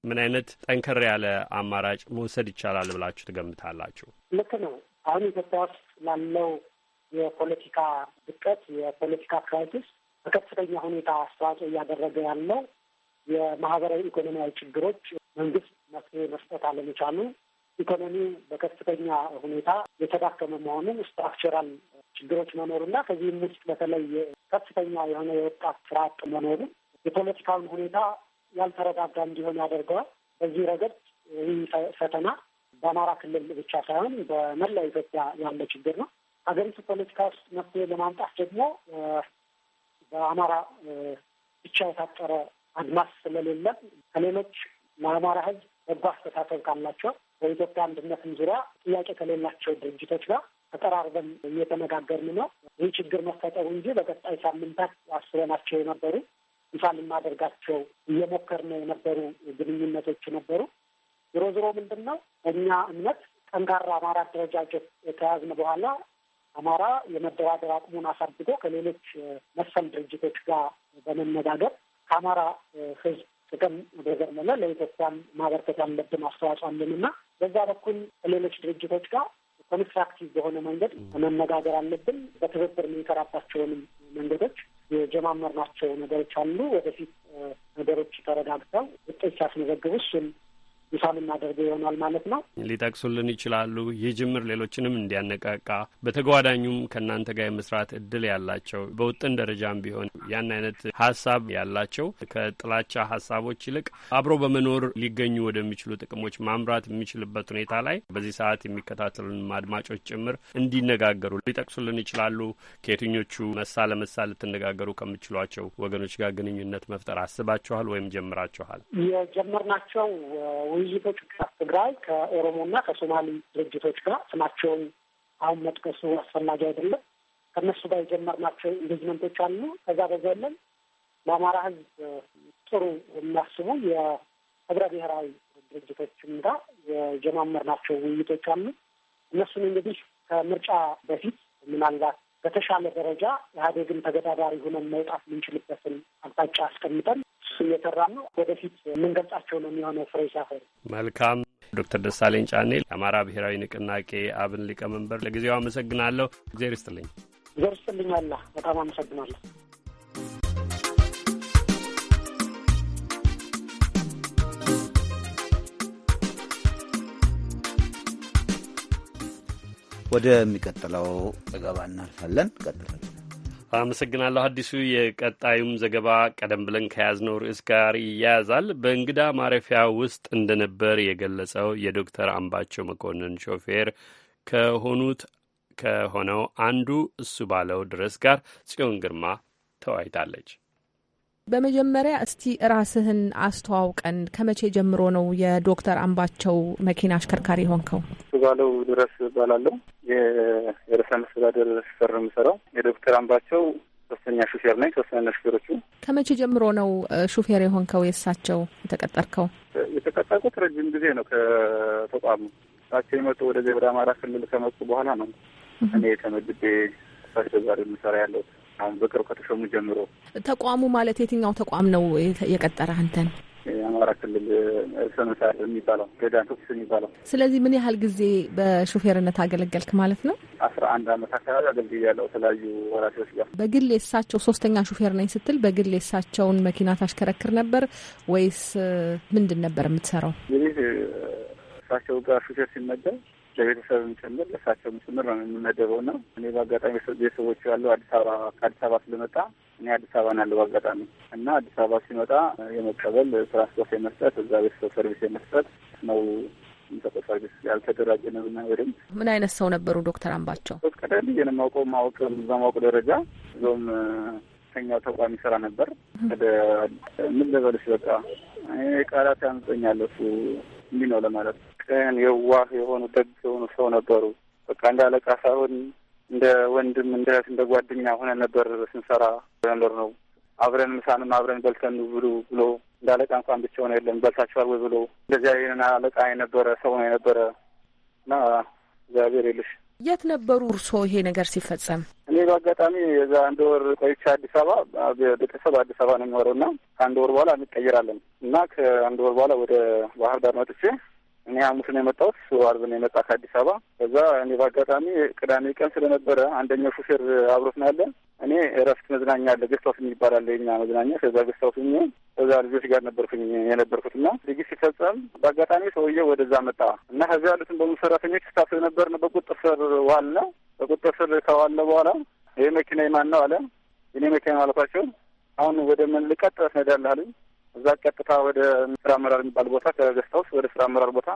ምን አይነት ጠንከር ያለ አማራጭ መውሰድ ይቻላል ብላችሁ ትገምታላችሁ? ልክ ነው። አሁን ኢትዮጵያ ውስጥ ላለው የፖለቲካ ድቀት፣ የፖለቲካ ክራይሲስ በከፍተኛ ሁኔታ አስተዋጽኦ እያደረገ ያለው የማህበራዊ ኢኮኖሚያዊ ችግሮች መንግስት መፍትሄ መስጠት አለመቻሉ፣ ኢኮኖሚው በከፍተኛ ሁኔታ የተዳከመ መሆኑ፣ ስትራክቸራል ችግሮች መኖሩና ከዚህም ውስጥ በተለይ ከፍተኛ የሆነ የወጣት ስራ አጥ መኖሩ የፖለቲካውን ሁኔታ ያልተረጋጋ እንዲሆን ያደርገዋል። በዚህ ረገድ ይህ ፈተና በአማራ ክልል ብቻ ሳይሆን በመላ ኢትዮጵያ ያለ ችግር ነው። ሀገሪቱ ፖለቲካ ውስጥ መፍትሄ ለማምጣት ደግሞ በአማራ ብቻ የታጠረ አድማስ ስለሌለም ከሌሎች ለአማራ ሕዝብ በጎ አስተሳሰብ ካላቸው በኢትዮጵያ አንድነትም ዙሪያ ጥያቄ ከሌላቸው ድርጅቶች ጋር ተቀራርበን እየተነጋገርን ነው። ይህ ችግር መፈጠሩ እንጂ በቀጣይ ሳምንታት አስበናቸው የነበሩ ይፋ ልናደርጋቸው እየሞከርን የነበሩ ግንኙነቶች ነበሩ። ዞሮ ዞሮ ምንድን ነው እኛ እምነት ጠንካራ አማራ አደረጃጀት ከያዝን በኋላ አማራ የመደራደር አቅሙን አሳድጎ ከሌሎች መሰል ድርጅቶች ጋር በመነጋገር ከአማራ ሕዝብ ጥቅም በዘመነ ለኢትዮጵያን ማበርከት ያለብን አስተዋጽኦ አለንና በዛ በኩል ከሌሎች ድርጅቶች ጋር ኮንስትራክቲቭ በሆነ መንገድ መነጋገር አለብን። በትብብር የሚንከራባቸውንም መንገዶች የጀማመርናቸው ነገሮች አሉ። ወደፊት ነገሮች ተረጋግተው ውጤት ሲያስመዘግቡ እሱን ይፋ የምናደርገው ይሆናል ማለት ነው። ሊጠቅሱልን ይችላሉ? ይህ ጅምር ሌሎችንም እንዲያነቃቃ በተጓዳኙም ከእናንተ ጋር የመስራት እድል ያላቸው በውጥን ደረጃም ቢሆን ያን አይነት ሀሳብ ያላቸው ከጥላቻ ሀሳቦች ይልቅ አብሮ በመኖር ሊገኙ ወደሚችሉ ጥቅሞች ማምራት የሚችልበት ሁኔታ ላይ በዚህ ሰዓት የሚከታተሉን አድማጮች ጭምር እንዲነጋገሩ ሊጠቅሱልን ይችላሉ? ከየትኞቹ መሳ ለመሳ ልትነጋገሩ ከምችሏቸው ወገኖች ጋር ግንኙነት መፍጠር አስባችኋል ወይም ጀምራችኋል? የጀመርናቸው ውይይቶች ትግራይ ከኦሮሞና ከሶማሊ ድርጅቶች ጋር ስማቸውን አሁን መጥቀሱ አስፈላጊ አይደለም። ከእነሱ ጋር የጀመርናቸው ኢንጌጅመንቶች አሉ። ከዛ በዘለን ለአማራ ሕዝብ ጥሩ የሚያስቡ የህብረ ብሔራዊ ድርጅቶችም ጋር የጀማመርናቸው ውይይቶች አሉ። እነሱን እንግዲህ ከምርጫ በፊት ምናልባት በተሻለ ደረጃ ኢህአዴግን ተገዳዳሪ ሆነን መውጣት የምንችልበትን አቅጣጫ አስቀምጠን እሱ እየሰራ ነው። ወደፊት የምንገልጻቸው ነው የሚሆነው። ፍሬ ሲያፈሩ መልካም። ዶክተር ደሳለኝ ጫኔ የአማራ ብሔራዊ ንቅናቄ አብን ሊቀመንበር፣ ለጊዜው አመሰግናለሁ። እግዜር ይስጥልኝ። እግዜር ይስጥልኝ። በጣም አመሰግናለሁ። ወደሚቀጥለው ዘገባ እናልፋለን። ቀጥለን አመሰግናለሁ አዲሱ። የቀጣዩም ዘገባ ቀደም ብለን ከያዝነው ርዕስ ጋር ይያያዛል። በእንግዳ ማረፊያ ውስጥ እንደነበር የገለጸው የዶክተር አምባቸው መኮንን ሾፌር ከሆኑት ከሆነው አንዱ እሱ ባለው ድረስ ጋር ጽዮን ግርማ ተወያይታለች። በመጀመሪያ እስቲ ራስህን አስተዋውቀን። ከመቼ ጀምሮ ነው የዶክተር አምባቸው መኪና አሽከርካሪ ሆንከው? ባለው ድረስ እባላለሁ። የርዕሰ መስተዳደር ስር የምሰራው የዶክተር አምባቸው ሶስተኛ ሹፌር ነኝ። ሶስተኛ ሹፌሮቹ ከመቼ ጀምሮ ነው ሹፌር የሆንከው? የእሳቸው የተቀጠርከው? የተቀጠርኩት ረጅም ጊዜ ነው ከተቋሙ እሳቸው የመጡ ወደዚህ ወደ አማራ ክልል ከመጡ በኋላ ነው እኔ ተመድቤ እሳቸው ጋር የምሰራ ያለሁት። አሁን በቅርብ ከተሾሙ ጀምሮ። ተቋሙ ማለት የትኛው ተቋም ነው የቀጠረ አንተን? የአማራ ክልል ርዕሰ መስተዳድር የሚባለው ቶክስ የሚባለው። ስለዚህ ምን ያህል ጊዜ በሹፌርነት አገለገልክ ማለት ነው? አስራ አንድ አመት አካባቢ አገልግ ያለው የተለያዩ ወራሴዎች ጋር። በግል የሳቸው ሶስተኛ ሹፌር ነኝ ስትል በግል የሳቸውን መኪና ታሽከረክር ነበር ወይስ ምንድን ነበር የምትሰራው? እንግዲህ እሳቸው ጋር ሹፌር ሲመደብ ለቤተሰብም ጭምር ለእሳቸውም ጭምር ነው የምመደበው ነው። እኔ በአጋጣሚ ቤተሰቦች ያለው አዲስ አበባ ከአዲስ አበባ ስለመጣ እኔ አዲስ አበባ ያለው በአጋጣሚ እና አዲስ አበባ ሲመጣ የመቀበል ትራንስፖርት የመስጠት እዛ ቤተሰብ ሰርቪስ የመስጠት ነው የሚሰጠው ያልተደራጀ ነው እና ወይም ምን አይነት ሰው ነበሩ ዶክተር አምባቸው? ቀደም ብዬ ነው የማውቀው ማወቅ በማወቅ ደረጃ እዞም ከፍተኛው ተቋሚ ስራ ነበር። ወደ ምን ልበልሽ በቃ ቃላት ያንጸኛለሁ እሱ እንዲህ ነው ለማለት ቅን፣ የዋህ የሆኑ ደግ የሆኑ ሰው ነበሩ። በቃ እንደ አለቃ ሳይሆን እንደ ወንድም፣ እንደ እህት፣ እንደ ጓደኛ ሆነ ነበር ስንሰራ ነበር ነው አብረን ምሳንም አብረን በልተን ብሉ ብሎ እንደ አለቃ እንኳን ብቻ ሆነ የለም በልታችኋል ወይ ብሎ እንደዚያ ይህንን አለቃ የነበረ ሰው ነው የነበረ እና እግዚአብሔር የልሽ የት ነበሩ እርስዎ ይሄ ነገር ሲፈጸም? እኔ በአጋጣሚ የዛ አንድ ወር ቆይቼ አዲስ አበባ ቤተሰብ አዲስ አበባ ነው የሚኖረው እና ከአንድ ወር በኋላ እንቀይራለን እና ከአንድ ወር በኋላ ወደ ባህር ዳር መጥቼ እኔ ሐሙስ ነው የመጣሁት። እሱ አርብ ነው የመጣ ከአዲስ አበባ። ከዛ እኔ በአጋጣሚ ቅዳሜ ቀን ስለነበረ አንደኛው ሹፌር አብሮት ነው ያለን። እኔ እረፍት መዝናኛ አለ ገስታውስ የሚባል አለ የኛ መዝናኛ። ከዛ ገስታውስ ሆኜ ከዛ ልጆች ጋር ነበርኩኝ የነበርኩት እና ድግስ ሲፈጸም በአጋጣሚ ሰውዬው ወደዛ መጣ እና ከዚያ ያሉትን በሙሉ ሰራተኞች ስታፍ ነው በቁጥር ስር ዋለ። በቁጥር ስር ከዋለ በኋላ ይህ መኪና የማን ነው አለ። እኔ መኪና ማለቷቸው አሁን ወደ ምን ልቀጥረስ ነዳለህ አሉኝ እዛ ቀጥታ ወደ ስራ አመራር የሚባል ቦታ ከገስታውስ ወደ ስራ አመራር ቦታ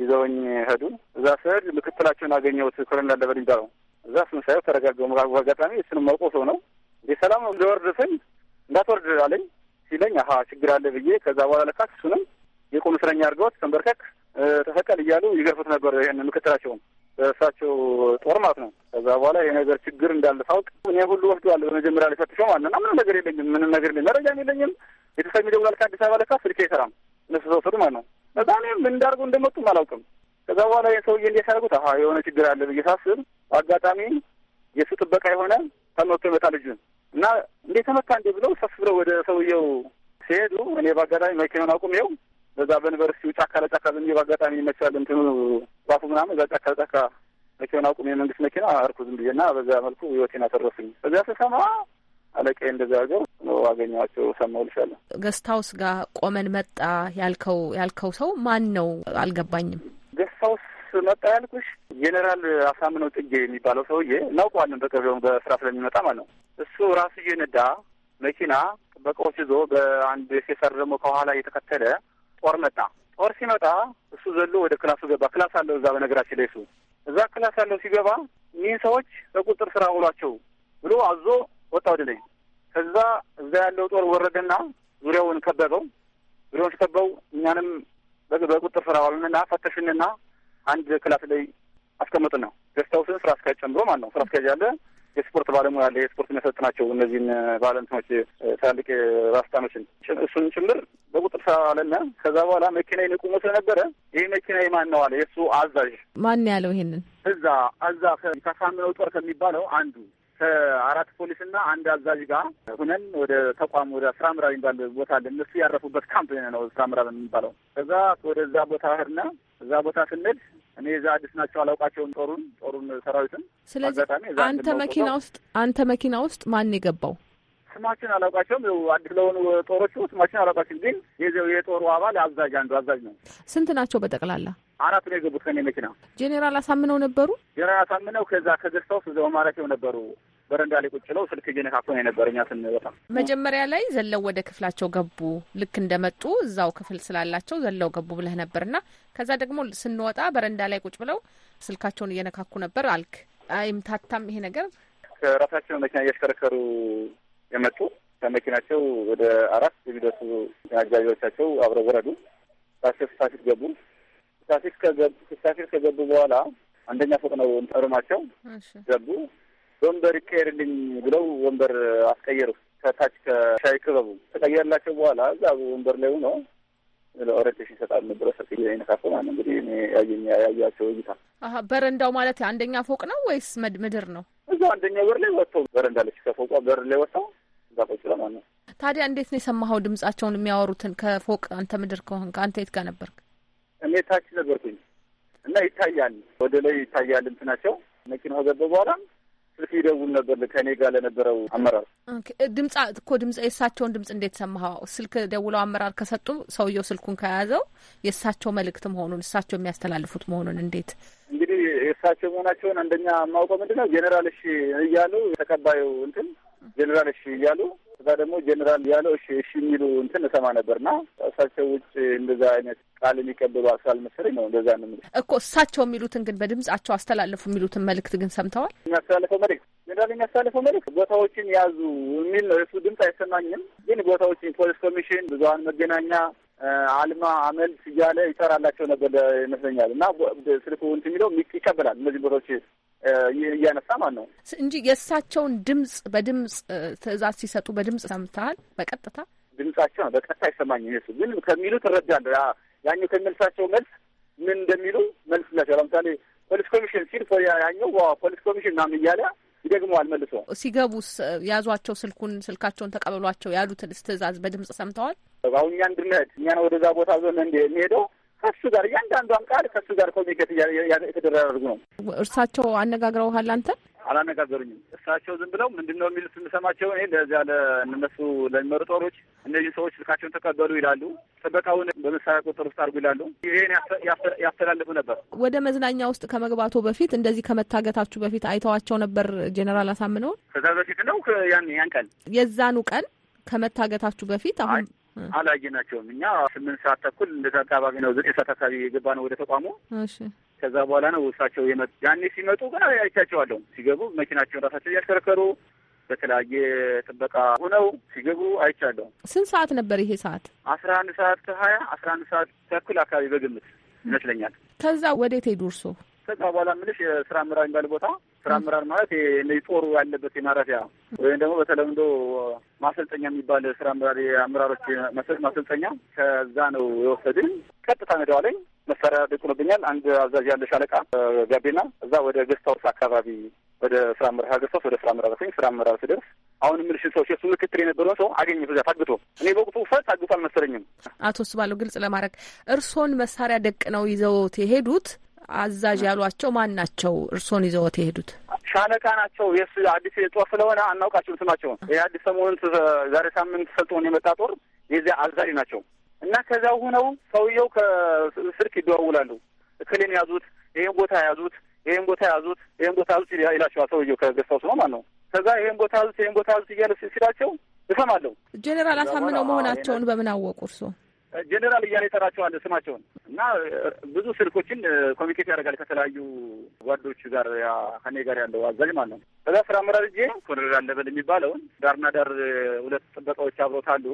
ይዘውኝ ሄዱ። እዛ ስሄድ ምክትላቸውን አገኘሁት ኮሎኔል አለበድ የሚባለው እዛ ስምሳዩ ተረጋገው ምራጉ አጋጣሚ እሱንም መውቆ ሰው ነው እንዴ ሰላም እንደወርድ ስል እንዳትወርድ አለኝ ሲለኝ አሀ ችግር አለ ብዬ ከዛ በኋላ ለካ እሱንም የቁም እስረኛ አድርገውት ተንበርከክ ተሰቀል እያሉ ይገርፉት ነበር ይህን ምክትላቸውን በእሳቸው ጦር ማለት ነው። ከዛ በኋላ ይሄ ነገር ችግር እንዳለ ሳውቅ እኔ ሁሉ ወስደዋለሁ። በመጀመሪያ ላይ ፈትሸው ማለት ነው። ምንም ነገር የለኝም፣ ምንም ነገር የለኝም፣ መረጃም የለኝም። ቤተሰብ ይደውላል ከአዲስ አበባ ለካ ስልክ አይሰራም። እነሱ ተወሰዱ ማለት ነው። በዛ እኔ ምን እንዳርገው እንደመጡም አላውቅም። ከዛ በኋላ ይህ ሰውዬ እንዴት ያደርጉት አ የሆነ ችግር አለ ብዬ ሳስብ አጋጣሚ የእሱ ጥበቃ የሆነ ተመቶ ይመጣ ልጁን እና እንዴት ተመታ እንዴ ብለው ሰስ ብለው ወደ ሰውየው ሲሄዱ እኔ በአጋጣሚ መኪናውን አቁሜው በዛ በዩኒቨርሲቲ ጫካ ለጫካ ዝም ብዬ በአጋጣሚ ይመቻል እንትኑ ዛፉ ምናምን እዛ ጫካ ለጫካ መኪና አቁም የመንግስት መኪና አርኩ ዝም ብዬ እና በዛ መልኩ ህይወቴን አተረፍኩኝ። በዚያ ስሰማ አለቀ እንደዚ ሀገር ነው አገኘኋቸው። ሰማው ልሻለ ገስታውስ ጋር ቆመን መጣ ያልከው ያልከው ሰው ማን ነው አልገባኝም። ገስታውስ መጣ ያልኩሽ ጄኔራል አሳምነው ጥጌ የሚባለው ሰውዬ እናውቀዋለን። በቅርቢውም በስራ ስለሚመጣ ማለት ነው። እሱ ራሱ እየነዳ መኪና ጥበቃዎች ይዞ በአንድ ሴሰር ደግሞ ከኋላ እየተከተለ ጦር መጣ። ጦር ሲመጣ እሱ ዘሎ ወደ ክላሱ ገባ። ክላስ አለው እዛ በነገራችን ላይ እሱ እዛ ክላስ አለው ሲገባ ይህን ሰዎች በቁጥር ስራ ውሏቸው ብሎ አዞ ወጣ ወደ ላይ። ከዛ እዛ ያለው ጦር ወረደና ዙሪያውን ከበበው። ዙሪያውን ከበው እኛንም በቁጥር ስራ ዋሉንና ፈተሽንና አንድ ክላስ ላይ አስቀምጥ ነው ደስታውስን ስራ አስኪያጅ ጨምሮ ማለት ነው ስራ አስኪያጅ ያለ የስፖርት ባለሙያ አለ። የስፖርት ናቸው። እነዚህን ባለንትኖች ትላልቅ ራስታኖችን እሱን ጭምር በቁጥር አለና ከዛ በኋላ መኪና ቁሞ ስለነበረ ይህ መኪና ማን ነው አለ የእሱ አዛዥ። ማን ያለው ይሄንን? እዛ አዛ ከፋምነው ጦር ከሚባለው አንዱ ከአራት ፖሊስና አንድ አዛዥ ጋር ሁነን ወደ ተቋም ወደ ስራ ምዕራብ የሚባል ቦታ አለ። እነሱ ያረፉበት ካምፕ ነው ስራ የሚባለው። ከዛ ወደዛ ቦታ ህርና እዛ ቦታ ስንሄድ እኔ እዛ አዲስ ናቸው አላውቃቸውም፣ ጦሩን ጦሩን ሰራዊትን። ስለዚህ አንተ መኪና ውስጥ አንተ መኪና ውስጥ ማን የገባው? ስማችን አላውቃቸውም። ያው አዲስ ለሆኑ ጦሮቹ ስማችን አላውቃቸውም፣ ግን የዚያው የጦሩ አባል አዛዥ አንዱ አዛዥ ነው። ስንት ናቸው በጠቅላላ? አራት ነው የገቡት ከኔ መኪና። ጄኔራል አሳምነው ነበሩ። ጄኔራል አሳምነው ከዛ ከገስታ ውስጥ እዛው ማረፊያው ነበሩ። በረንዳ ላይ ቁጭ ብለው ስልክ እየነካኩ ነው የነበረ። እኛ ስንወጣ መጀመሪያ ላይ ዘለው ወደ ክፍላቸው ገቡ። ልክ እንደመጡ እዛው ክፍል ስላላቸው ዘለው ገቡ ብለህ ነበር ነበርና ከዛ ደግሞ ስንወጣ በረንዳ ላይ ቁጭ ብለው ስልካቸውን እየነካኩ ነበር አልክ። አይምታታም ይሄ ነገር? ከራሳቸው መኪና እያሽከረከሩ የመጡ ከመኪናቸው ወደ አራት የሚደርሱ አጃቢዎቻቸው አብረው ወረዱ። ትራፊክ ትራፊክ ገቡ። ፍሳፊት ከገቡ በኋላ አንደኛ ፎቅ ነው እንጠርማቸው ገቡ። ወንበር ይቀየርልኝ ብለው ወንበር አስቀየሩ። ከታች ከሻይ ክበቡ ተቀየርላቸው። በኋላ እዛ ወንበር ላይ ሆኖ ለኦሬንቴሽን ይሰጣል ነበረ። ሰጥ ይነካፈ ማለት እንግዲህ እኔ ያያቸው እይታ በረንዳው ማለት አንደኛ ፎቅ ነው ወይስ ምድር ነው? እዛ አንደኛ በር ላይ ወጥተው በረንዳ ለች ከፎቋ በር ላይ ወጥተው ዛፎች ነው። ታዲያ እንዴት ነው የሰማኸው? ድምጻቸውን የሚያወሩትን ከፎቅ አንተ ምድር ከሆን አንተ የት ጋር ነበርክ? እኔ ታች ነበርኩኝ እና ይታያል፣ ወደ ላይ ይታያል እንትናቸው መኪናው ገባ በኋላ ስልክ ይደውል ነበር ከእኔ ጋር ለነበረው አመራር ድምጻ እኮ ድምጽ የእሳቸውን ድምጽ እንዴት ሰማኸው? ስልክ ደውለው አመራር ከሰጡ ሰውየው ስልኩን ከያዘው የእሳቸው መልእክት መሆኑን እሳቸው የሚያስተላልፉት መሆኑን እንዴት እንግዲህ የእሳቸው መሆናቸውን አንደኛ የማውቀው ምንድነው ነው ጄኔራል እሺ እያሉ ተቀባዩ እንትን ጀኔራል እሺ እያሉ እዛ ደግሞ ጀኔራል እያሉ እሺ እሺ የሚሉ እንትን እሰማ ነበርና እሳቸው ውጭ እንደዛ አይነት ቃል የሚቀበሉ ስላልመሰለኝ ነው እንደዛ ነው የምልሽ እኮ። እሳቸው የሚሉትን ግን በድምጻቸው አስተላለፉ የሚሉትን መልእክት ግን ሰምተዋል። የሚያስተላልፈው መልእክት ጀኔራል የሚያስተላልፈው መልእክት ቦታዎችን ያዙ የሚል ነው። እሱ ድምፅ አይሰማኝም፣ ግን ቦታዎችን ፖሊስ ኮሚሽን፣ ብዙሀን መገናኛ አልማ አመልት እያለ ይጠራላቸው ነበር ይመስለኛል። እና ስልክ እንትን የሚለው ይቀበላል እነዚህ ቦታዎች እያነሳ ማን ነው እንጂ የእሳቸውን ድምጽ በድምጽ ትዕዛዝ ሲሰጡ በድምጽ ሰምተሃል? በቀጥታ ድምጻቸው ነው በቀጥታ አይሰማኝ። እሱ ግን ከሚሉት እረዳለሁ። ያኛው ከሚመልሳቸው መልስ ምን እንደሚሉ መልስ ለምሳሌ ፖሊስ ኮሚሽን ሲል ያኛው ፖሊስ ኮሚሽን ምናምን እያለ ይደግመዋል መልሶ። ሲገቡስ ያዟቸው፣ ስልኩን ስልካቸውን ተቀበሏቸው ያሉትን ትዕዛዝ በድምጽ ሰምተዋል? አሁን እኛ እንድንሄድ ወደዛ ቦታ ዞን እንሄደው ከሱ ጋር እያንዳንዷን ቃል ከሱ ጋር ኮሚኒኬት የተደረጉ ነው። እርሳቸው አነጋግረውሃል? አንተ አላነጋገሩኝም። እርሳቸው ዝም ብለው ምንድን ነው የሚሉት የምሰማቸው እኔ ለዚያ ለእነሱ ለሚመሩ ጦሮች እነዚህ ሰዎች ስልካቸውን ተቀበሉ ይላሉ። ጥበቃውን በመሳሪያ ቁጥር ውስጥ አድርጉ ይላሉ። ይሄን ያስተላልፉ ነበር። ወደ መዝናኛ ውስጥ ከመግባቱ በፊት እንደዚህ ከመታገታችሁ በፊት አይተዋቸው ነበር ጄኔራል አሳምነውን? ከዛ በፊት ነው ያን ያን ቀን የዛኑ ቀን ከመታገታችሁ በፊት አሁን አላጌ ናቸውም። እኛ ስምንት ሰዓት ተኩል እንደዛ አካባቢ ነው ዘጠኝ ሰዓት አካባቢ የገባ ነው ወደ ተቋሙ። ከዛ በኋላ ነው እሳቸው የመጡ። ያኔ ሲመጡ ግን አይቻቸዋለሁ። ሲገቡ መኪናቸውን ራሳቸው እያሽከረከሩ በተለያየ ጥበቃ ሆነው ሲገቡ አይቻለሁ። ስንት ሰዓት ነበር ይሄ ሰዓት? አስራ አንድ ሰዓት ከሀያ አስራ አንድ ሰዓት ተኩል አካባቢ በግምት ይመስለኛል። ከዛ ወዴት ሄዱ እርሶ? ከዛ በኋላ ምልሽ የስራ አመራር የሚባል ቦታ ስራ አመራር ማለት ይ ጦሩ ያለበት የማረፊያ ወይም ደግሞ በተለምዶ ማሰልጠኛ የሚባል ስራ አመራር የአመራሮች ማሰልጠኛ ከዛ ነው የወሰድን። ቀጥታ ነደዋለኝ መሳሪያ ደቁኖብኛል። አንድ አዛዥ ያለ ሻለቃ ጋቤና እዛ ወደ ገስታውስ አካባቢ ወደ ስራ አመራር ገስታውስ ወደ ስራ አመራር ስኝ ስራ አመራር ስደርስ አሁን ምልሽ ሰው ሴሱ ምክትል የነበረውን ሰው አገኘ። እዛ ታግቶ እኔ በወቅቱ ፈት ታግቶ አልመሰለኝም። አቶ ስባለው ግልጽ ለማድረግ እርሶን መሳሪያ ደቅ ነው ይዘውት የሄዱት አዛዥ ያሏቸው ማን ናቸው? እርስዎን ይዘዎት የሄዱት ሻለቃ ናቸው? የስ አዲስ የጦር ስለሆነ አናውቃቸው ስማቸውን። ይህ አዲስ ሰሞኑን ዛሬ ሳምንት ሰልጥኖ የመጣ ጦር የዚያ አዛዥ ናቸው እና ከዚያው ሁነው ሰውየው ከስልክ ይደዋውላሉ። እክልን ያዙት፣ ይህን ቦታ ያዙት፣ ይህን ቦታ ያዙት፣ ይህን ቦታ ያዙት ይላቸዋል። ሰውየው ከገስታውስ ነው ማለት ነው። ከዛ ይህን ቦታ ያዙት፣ ይህን ቦታ ያዙት እያለ ሲላቸው እሰማለሁ። ጄኔራል አሳምነው መሆናቸውን በምን አወቁ እርስዎ? ጀኔራል እያለ ይጠራቸዋል ስማቸውን እና ብዙ ስልኮችን ኮሚኒኬት ያደርጋል ከተለያዩ ጓዶች ጋር ከኔ ጋር ያለው አዛዥ ማለት ነው። ከዛ ስራ አመራር እጄ ኮሎኔል አለበል የሚባለውን ዳርና ዳር ሁለት ጥበቃዎች አብሮት አሉ።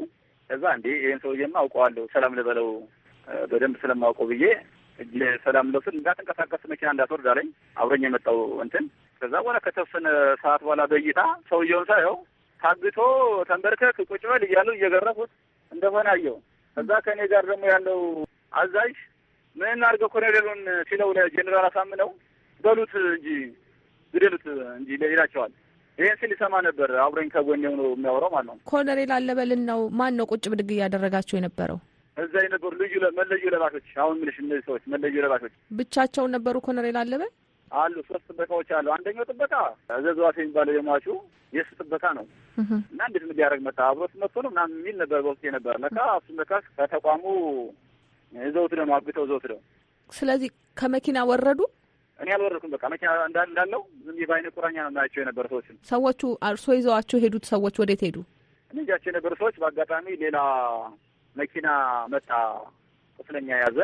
ከዛ እንዴ ይህን ሰውዬማ አውቀዋለሁ ሰላም ልበለው በደንብ ስለማውቀው ብዬ እጅ ሰላም እንዳ ተንቀሳቀስ መኪና እንዳትወርድ አለኝ። አብረኝ የመጣው እንትን ከዛ በኋላ ከተወሰነ ሰዓት በኋላ በእይታ ሰውየውን ሳየው ታግቶ ተንበርከክ ቁጭ በል እያሉ እየገረፉት እንደሆነ አየው። ከዛ ከእኔ ጋር ደግሞ ያለው አዛዥ ምን አድርገ ኮሎኔሉን ሲለው ለጄኔራል አሳምነው በሉት እንጂ ግደሉት እንጂ ይላቸዋል። ይህን ስል ይሰማ ነበር። አብረኝ ከጎን ሆኖ የሚያወራው ማለት ነው። ኮሎኔል አለበልን ነው ማን ነው ቁጭ ብድግ እያደረጋቸው የነበረው? እዛ የነበሩ ልዩ መለዩ ለባሾች፣ አሁን ምልሽ እነዚህ ሰዎች መለዩ ለባሾች ብቻቸውን ነበሩ። ኮሎኔል አለበል አሉ። ሶስት ጥበቃዎች አሉ። አንደኛው ጥበቃ ዘዘዋሴ የሚባለው የሟቹ የእሱ ጥበቃ ነው እና እንዴት ሊያደርግ መታ አብሮት መጥቶ ነው ምናምን የሚል ነበር በወቅት ነበር። ለካ እሱ ለካ ከተቋሙ ዘውት ደግሞ አግተው ዘውት ነው። ስለዚህ ከመኪና ወረዱ። እኔ አልወረድኩም። በቃ መኪና እንዳለው ዝም የባይነ ቁራኛ ነው ናቸው የነበረ ሰዎች ሰዎቹ እርሶ ይዘዋቸው ሄዱት። ሰዎች ወዴት ሄዱ? እኔ ይዣቸው የነበሩ ሰዎች በአጋጣሚ ሌላ መኪና መጣ ቁስለኛ ያዘ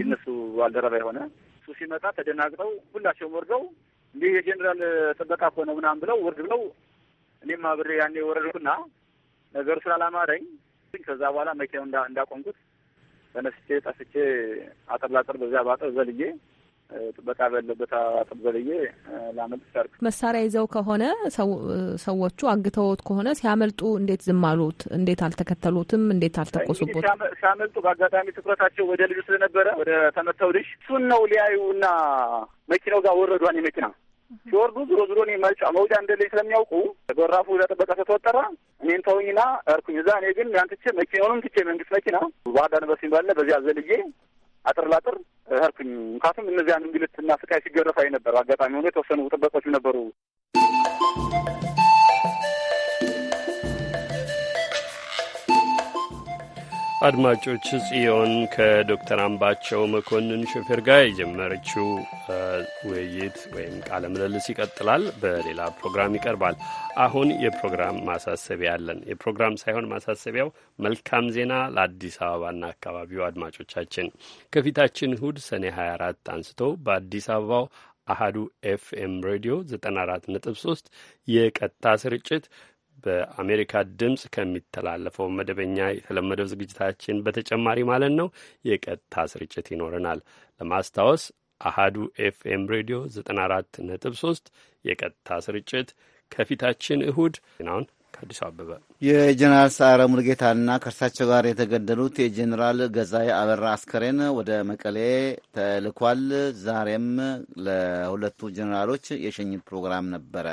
ይነሱ ባልደረባ የሆነ እሱ ሲመጣ ተደናግጠው ሁላቸውም ወርደው እንዲህ የጀኔራል ጥበቃ እኮ ነው ምናምን ብለው ውርድ ብለው እኔም አብሬ ያኔ ወረድኩና ነገሩ ስላላማረኝ ከዛ በኋላ መኪናው እንዳቆምኩት ተነስቼ ጠፍቼ አጥር ላጥር በዚያ ባጥር ዘልዬ ጥበቃ በለበት አጥብ ዘልዬ ላመልጥ ሰርክ መሳሪያ ይዘው ከሆነ ሰዎቹ አግተውት ከሆነ ሲያመልጡ እንዴት ዝም አሉት? እንዴት አልተከተሉትም? እንዴት አልተኮሱቦት? ሲያመልጡ በአጋጣሚ ትኩረታቸው ወደ ልጁ ስለነበረ ወደ ተመተው ልጅ እሱን ነው ሊያዩ እና መኪናው ጋር ወረዷን የመኪና ሲወርዱ ዞሮ ዞሮ እኔ መውጫ መውጫ እንደሌለኝ ስለሚያውቁ በራፉ ለጥበቃ ስለተወጠረ እኔን ተውኝና እርኩኝ። እዛ እኔ ግን ያን ትቼ መኪናውንም ትቼ መንግስት መኪና ዋጋ ዳር ባለ በዚያ ዘልዬ አጥር ላጥር እህርኩኝ። ምክንያቱም እነዚያን እንግልትና ስቃይ ሲገረፋ ነበር። አጋጣሚ ሆኖ የተወሰኑ ጥበቆች ነበሩ። አድማጮች ጽዮን ከዶክተር አምባቸው መኮንን ሾፌር ጋር የጀመረችው ውይይት ወይም ቃለ ምልልስ ይቀጥላል። በሌላ ፕሮግራም ይቀርባል። አሁን የፕሮግራም ማሳሰቢያ አለን። የፕሮግራም ሳይሆን ማሳሰቢያው መልካም ዜና ለአዲስ አበባና አካባቢው አድማጮቻችን ከፊታችን እሁድ ሰኔ 24 አንስቶ በአዲስ አበባው አሃዱ ኤፍኤም ሬዲዮ 94.3 የቀጥታ ስርጭት በአሜሪካ ድምፅ ከሚተላለፈው መደበኛ የተለመደው ዝግጅታችን በተጨማሪ ማለት ነው የቀጥታ ስርጭት ይኖረናል። ለማስታወስ አሃዱ ኤፍኤም ሬዲዮ 94.3 የቀጥታ ስርጭት ከፊታችን እሁድ ናውን ከአዲስ አበበ የጀኔራል ሰዓረ ሙልጌታና ከእርሳቸው ጋር የተገደሉት የጀኔራል ገዛይ አበራ አስከሬን ወደ መቀሌ ተልኳል። ዛሬም ለሁለቱ ጀኔራሎች የሸኝት ፕሮግራም ነበረ።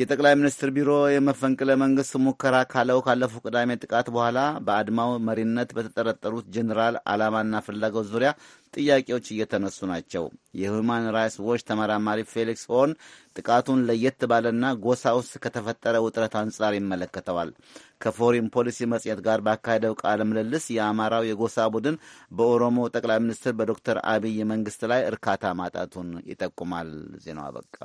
የጠቅላይ ሚኒስትር ቢሮ የመፈንቅለ መንግስት ሙከራ ካለው ካለፈው ቅዳሜ ጥቃት በኋላ በአድማው መሪነት በተጠረጠሩት ጀኔራል ዓላማና ፍላጎት ዙሪያ ጥያቄዎች እየተነሱ ናቸው። የሁማን ራይትስ ዎች ተመራማሪ ፌሊክስ ሆን ጥቃቱን ለየት ባለና ጎሳ ውስጥ ከተፈጠረ ውጥረት አንጻር ይመለከተዋል። ከፎሪን ፖሊሲ መጽሔት ጋር ባካሄደው ቃለ ምልልስ የአማራው የጎሳ ቡድን በኦሮሞ ጠቅላይ ሚኒስትር በዶክተር አብይ መንግስት ላይ እርካታ ማጣቱን ይጠቁማል። ዜናው አበቃ።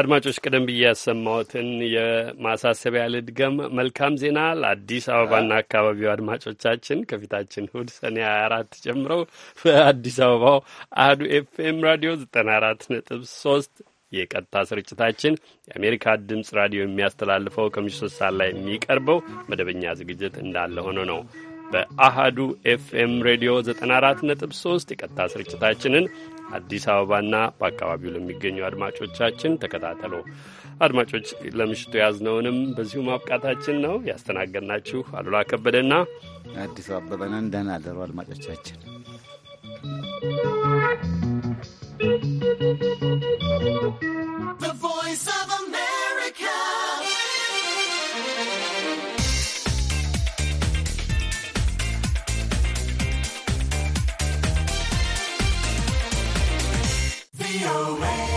አድማጮች ቀደም ብዬ ያሰማሁትን የማሳሰቢያ ልድገም። መልካም ዜና ለአዲስ አበባና አካባቢው አድማጮቻችን ከፊታችን እሁድ ሰኔ አራት ጀምረው በአዲስ አበባው አህዱ ኤፍኤም ራዲዮ 94 ነጥብ ሶስት የቀጥታ ስርጭታችን የአሜሪካ ድምፅ ራዲዮ የሚያስተላልፈው ከምሽቱ ሶስት ሰዓት ላይ የሚቀርበው መደበኛ ዝግጅት እንዳለ ሆኖ ነው። በአሃዱ ኤፍኤም ሬዲዮ 94 ነጥብ 3 የቀጥታ ስርጭታችንን አዲስ አበባና በአካባቢው ለሚገኙ አድማጮቻችን ተከታተሉ። አድማጮች ለምሽቱ ያዝነውንም በዚሁ ማብቃታችን ነው። ያስተናገድናችሁ አሉላ ከበደና አዲሱ አበበነን። ደህና አደሩ አድማጮቻችን። Thank you. VOA.